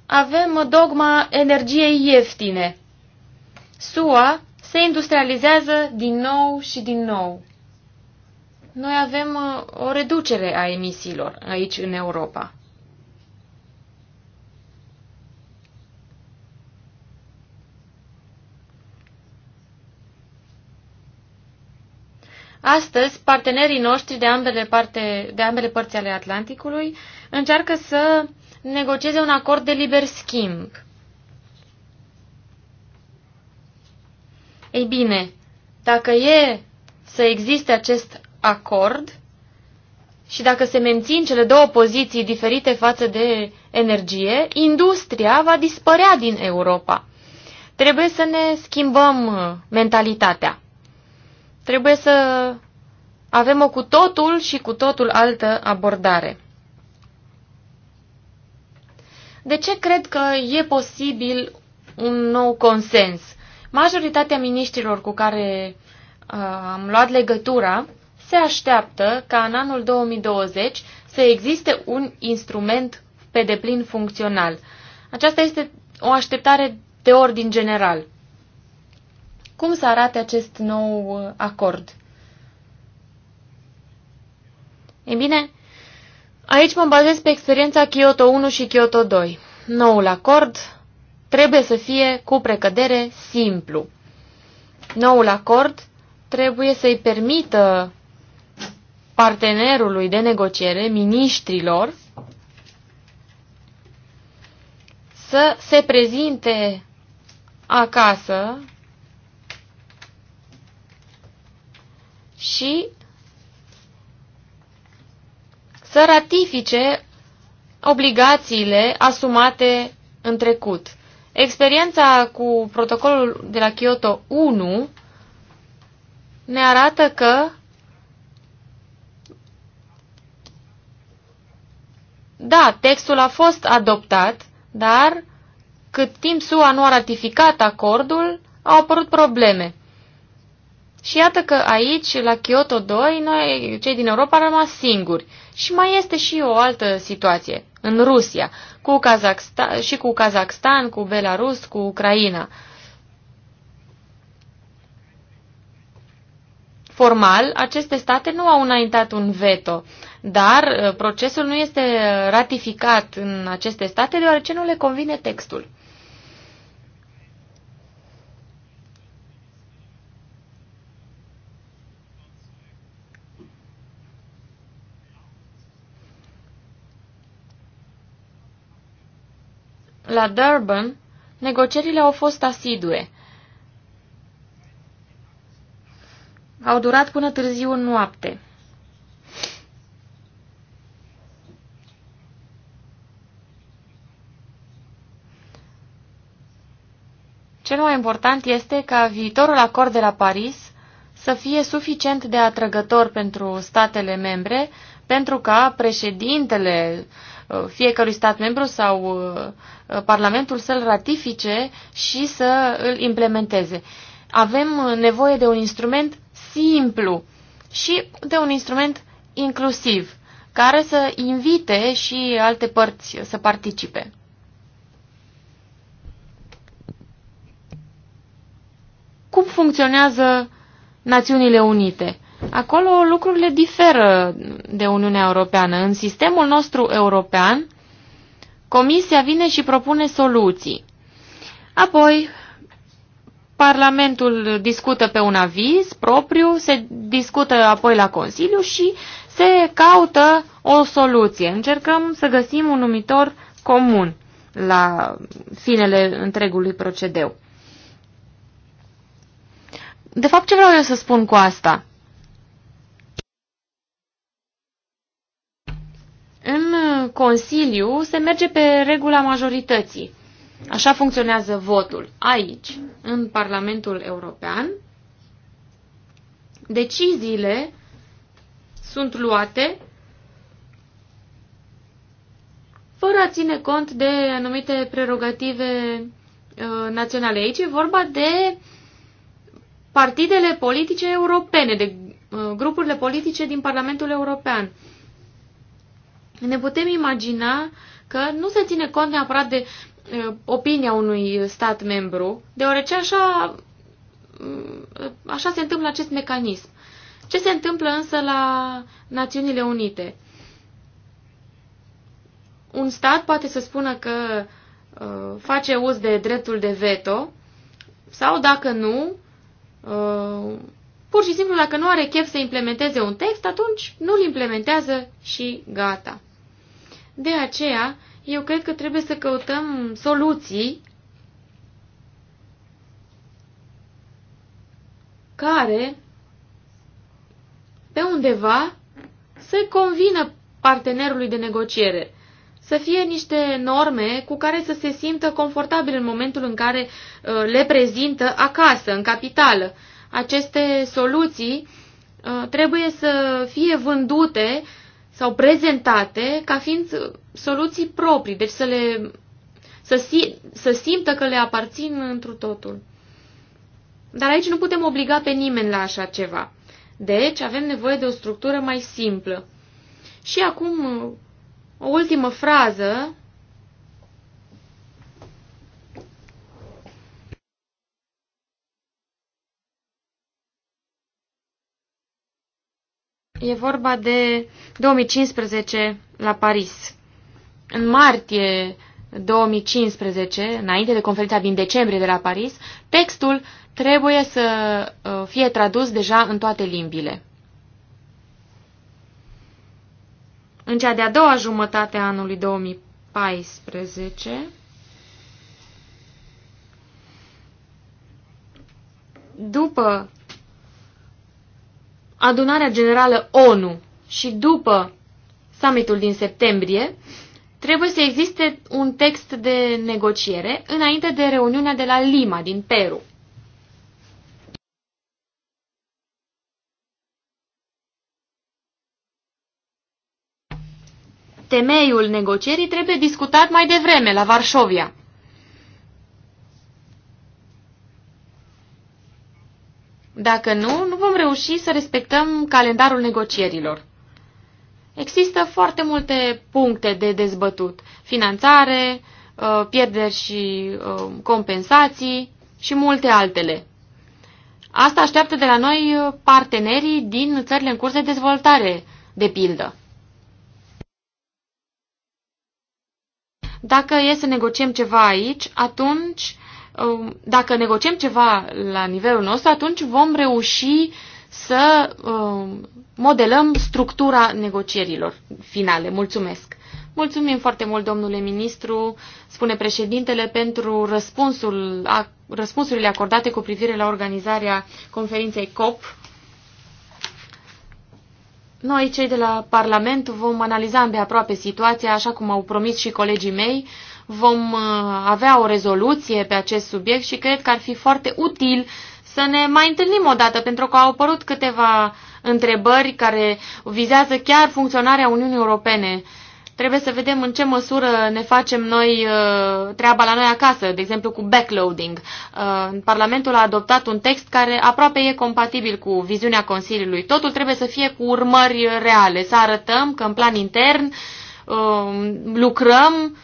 avem dogma energiei ieftine. SUA se industrializează din nou și din nou noi avem uh, o reducere a emisiilor aici în Europa. Astăzi, partenerii noștri de ambele, parte, de ambele părți ale Atlanticului încearcă să negocieze un acord de liber schimb. Ei bine, dacă e să existe acest acord și dacă se mențin cele două poziții diferite față de energie, industria va dispărea din Europa. Trebuie să ne schimbăm uh, mentalitatea. Trebuie să avem o cu totul și cu totul altă abordare. De ce cred că e posibil un nou consens? Majoritatea miniștrilor cu care uh, am luat legătura se așteaptă ca în anul 2020 să existe un instrument pe deplin funcțional. Aceasta este o așteptare de ordin general. Cum să arate acest nou uh, acord? Ei bine, aici mă bazez pe experiența Kyoto 1 și Kyoto 2. Noul acord trebuie să fie cu precădere simplu. Noul acord trebuie să-i permită partenerului de negociere, miniștrilor, să se prezinte acasă și să ratifice obligațiile asumate în trecut. Experiența cu protocolul de la Kyoto 1 ne arată că Da, textul a fost adoptat, dar cât timp SUA nu a ratificat acordul, au apărut probleme. Și iată că aici, la Kyoto 2, noi, cei din Europa, am rămas singuri. Și mai este și o altă situație, în Rusia, cu Kazakhstan, și cu Kazakhstan, cu Belarus, cu Ucraina. Formal, aceste state nu au înaintat un veto, dar uh, procesul nu este ratificat în aceste state deoarece nu le convine textul. La Durban, negocierile au fost asidue. au durat până târziu în noapte. Cel mai important este ca viitorul acord de la Paris să fie suficient de atrăgător pentru statele membre, pentru ca președintele uh, fiecărui stat membru sau uh, uh, parlamentul să-l ratifice și să îl implementeze. Avem nevoie de un instrument simplu și de un instrument inclusiv, care să invite și alte părți să participe. Cum funcționează Națiunile Unite? Acolo lucrurile diferă de Uniunea Europeană. În sistemul nostru european, Comisia vine și propune soluții. Apoi, Parlamentul discută pe un aviz propriu, se discută apoi la Consiliu și se caută o soluție. Încercăm să găsim un numitor comun la finele întregului procedeu. De fapt, ce vreau eu să spun cu asta? În Consiliu se merge pe regula majorității. Așa funcționează votul aici, în Parlamentul European. Deciziile sunt luate fără a ține cont de anumite prerogative uh, naționale. Aici e vorba de partidele politice europene, de uh, grupurile politice din Parlamentul European. Ne putem imagina că nu se ține cont neapărat de Uh, opinia unui stat membru, deoarece așa, uh, așa se întâmplă acest mecanism. Ce se întâmplă însă la Națiunile Unite? Un stat poate să spună că uh, face uz de dreptul de veto sau dacă nu, uh, pur și simplu dacă nu are chef să implementeze un text, atunci nu-l implementează și gata. De aceea, eu cred că trebuie să căutăm soluții care, pe undeva, să convină partenerului de negociere, să fie niște norme cu care să se simtă confortabil în momentul în care uh, le prezintă acasă, în capitală. Aceste soluții uh, trebuie să fie vândute sau prezentate ca fiind soluții proprii, deci să le să, si, să simtă că le aparțin întru totul. Dar aici nu putem obliga pe nimeni la așa ceva. Deci avem nevoie de o structură mai simplă. Și acum o ultimă frază E vorba de 2015 la Paris. În martie 2015, înainte de conferința din decembrie de la Paris, textul trebuie să uh, fie tradus deja în toate limbile. În cea de-a doua jumătate a anului 2014, după adunarea generală ONU și după summitul din septembrie, trebuie să existe un text de negociere înainte de reuniunea de la Lima, din Peru. Temeiul negocierii trebuie discutat mai devreme la Varșovia, Dacă nu, nu vom reuși să respectăm calendarul negocierilor. Există foarte multe puncte de dezbătut. Finanțare, uh, pierderi și uh, compensații și multe altele. Asta așteaptă de la noi uh, partenerii din țările în curs de dezvoltare, de pildă. Dacă e să negociem ceva aici, atunci Um, dacă negociem ceva la nivelul nostru, atunci vom reuși să um, modelăm structura negocierilor finale. Mulțumesc! Mulțumim foarte mult, domnule ministru, spune președintele, pentru răspunsul, a, răspunsurile acordate cu privire la organizarea conferinței COP. Noi, cei de la Parlament, vom analiza îndeaproape situația, așa cum au promis și colegii mei vom uh, avea o rezoluție pe acest subiect și cred că ar fi foarte util să ne mai întâlnim o dată, pentru că au apărut câteva întrebări care vizează chiar funcționarea Uniunii Europene. Trebuie să vedem în ce măsură ne facem noi uh, treaba la noi acasă, de exemplu cu backloading. Uh, Parlamentul a adoptat un text care aproape e compatibil cu viziunea Consiliului. Totul trebuie să fie cu urmări reale, să arătăm că în plan intern lucrăm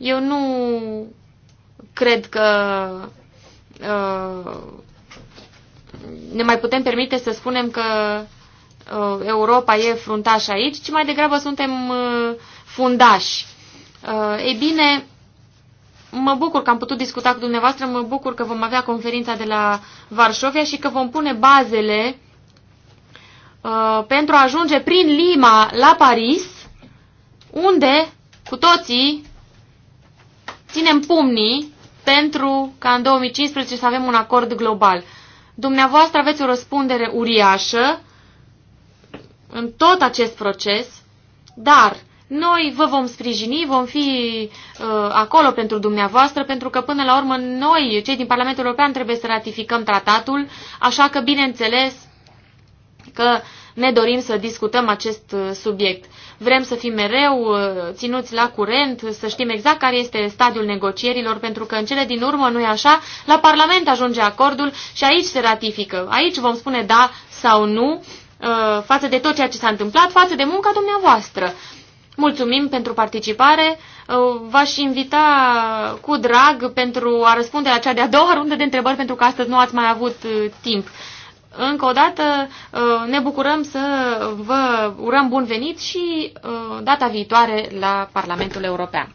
eu nu cred că uh, ne mai putem permite să spunem că uh, Europa e fruntaș aici, ci mai degrabă suntem uh, fundași. ei bine, mă bucur că am putut discuta cu dumneavoastră, mă bucur că vom avea conferința de la Varșovia și că vom pune bazele pentru a ajunge prin Lima la Paris, unde cu toții ținem pumnii pentru ca în 2015 să avem un acord global. Dumneavoastră aveți o răspundere uriașă în tot acest proces, dar noi vă vom sprijini, vom fi uh, acolo pentru dumneavoastră, pentru că până la urmă noi, cei din Parlamentul European, trebuie să ratificăm tratatul, așa că, bineînțeles, că ne dorim să discutăm acest uh, subiect vrem să fim mereu uh, ținuți la curent, să știm exact care este stadiul negocierilor, pentru că în cele din urmă, nu e așa, la Parlament ajunge acordul și aici se ratifică. Aici vom spune da sau nu uh, față de tot ceea ce s-a întâmplat, față de munca dumneavoastră. Mulțumim pentru participare. Uh, v-aș invita cu drag pentru a răspunde la cea de-a doua rundă de întrebări, pentru că astăzi nu ați mai avut timp. Încă o dată uh, ne bucurăm să vă urăm bun venit și uh, data viitoare la Parlamentul European.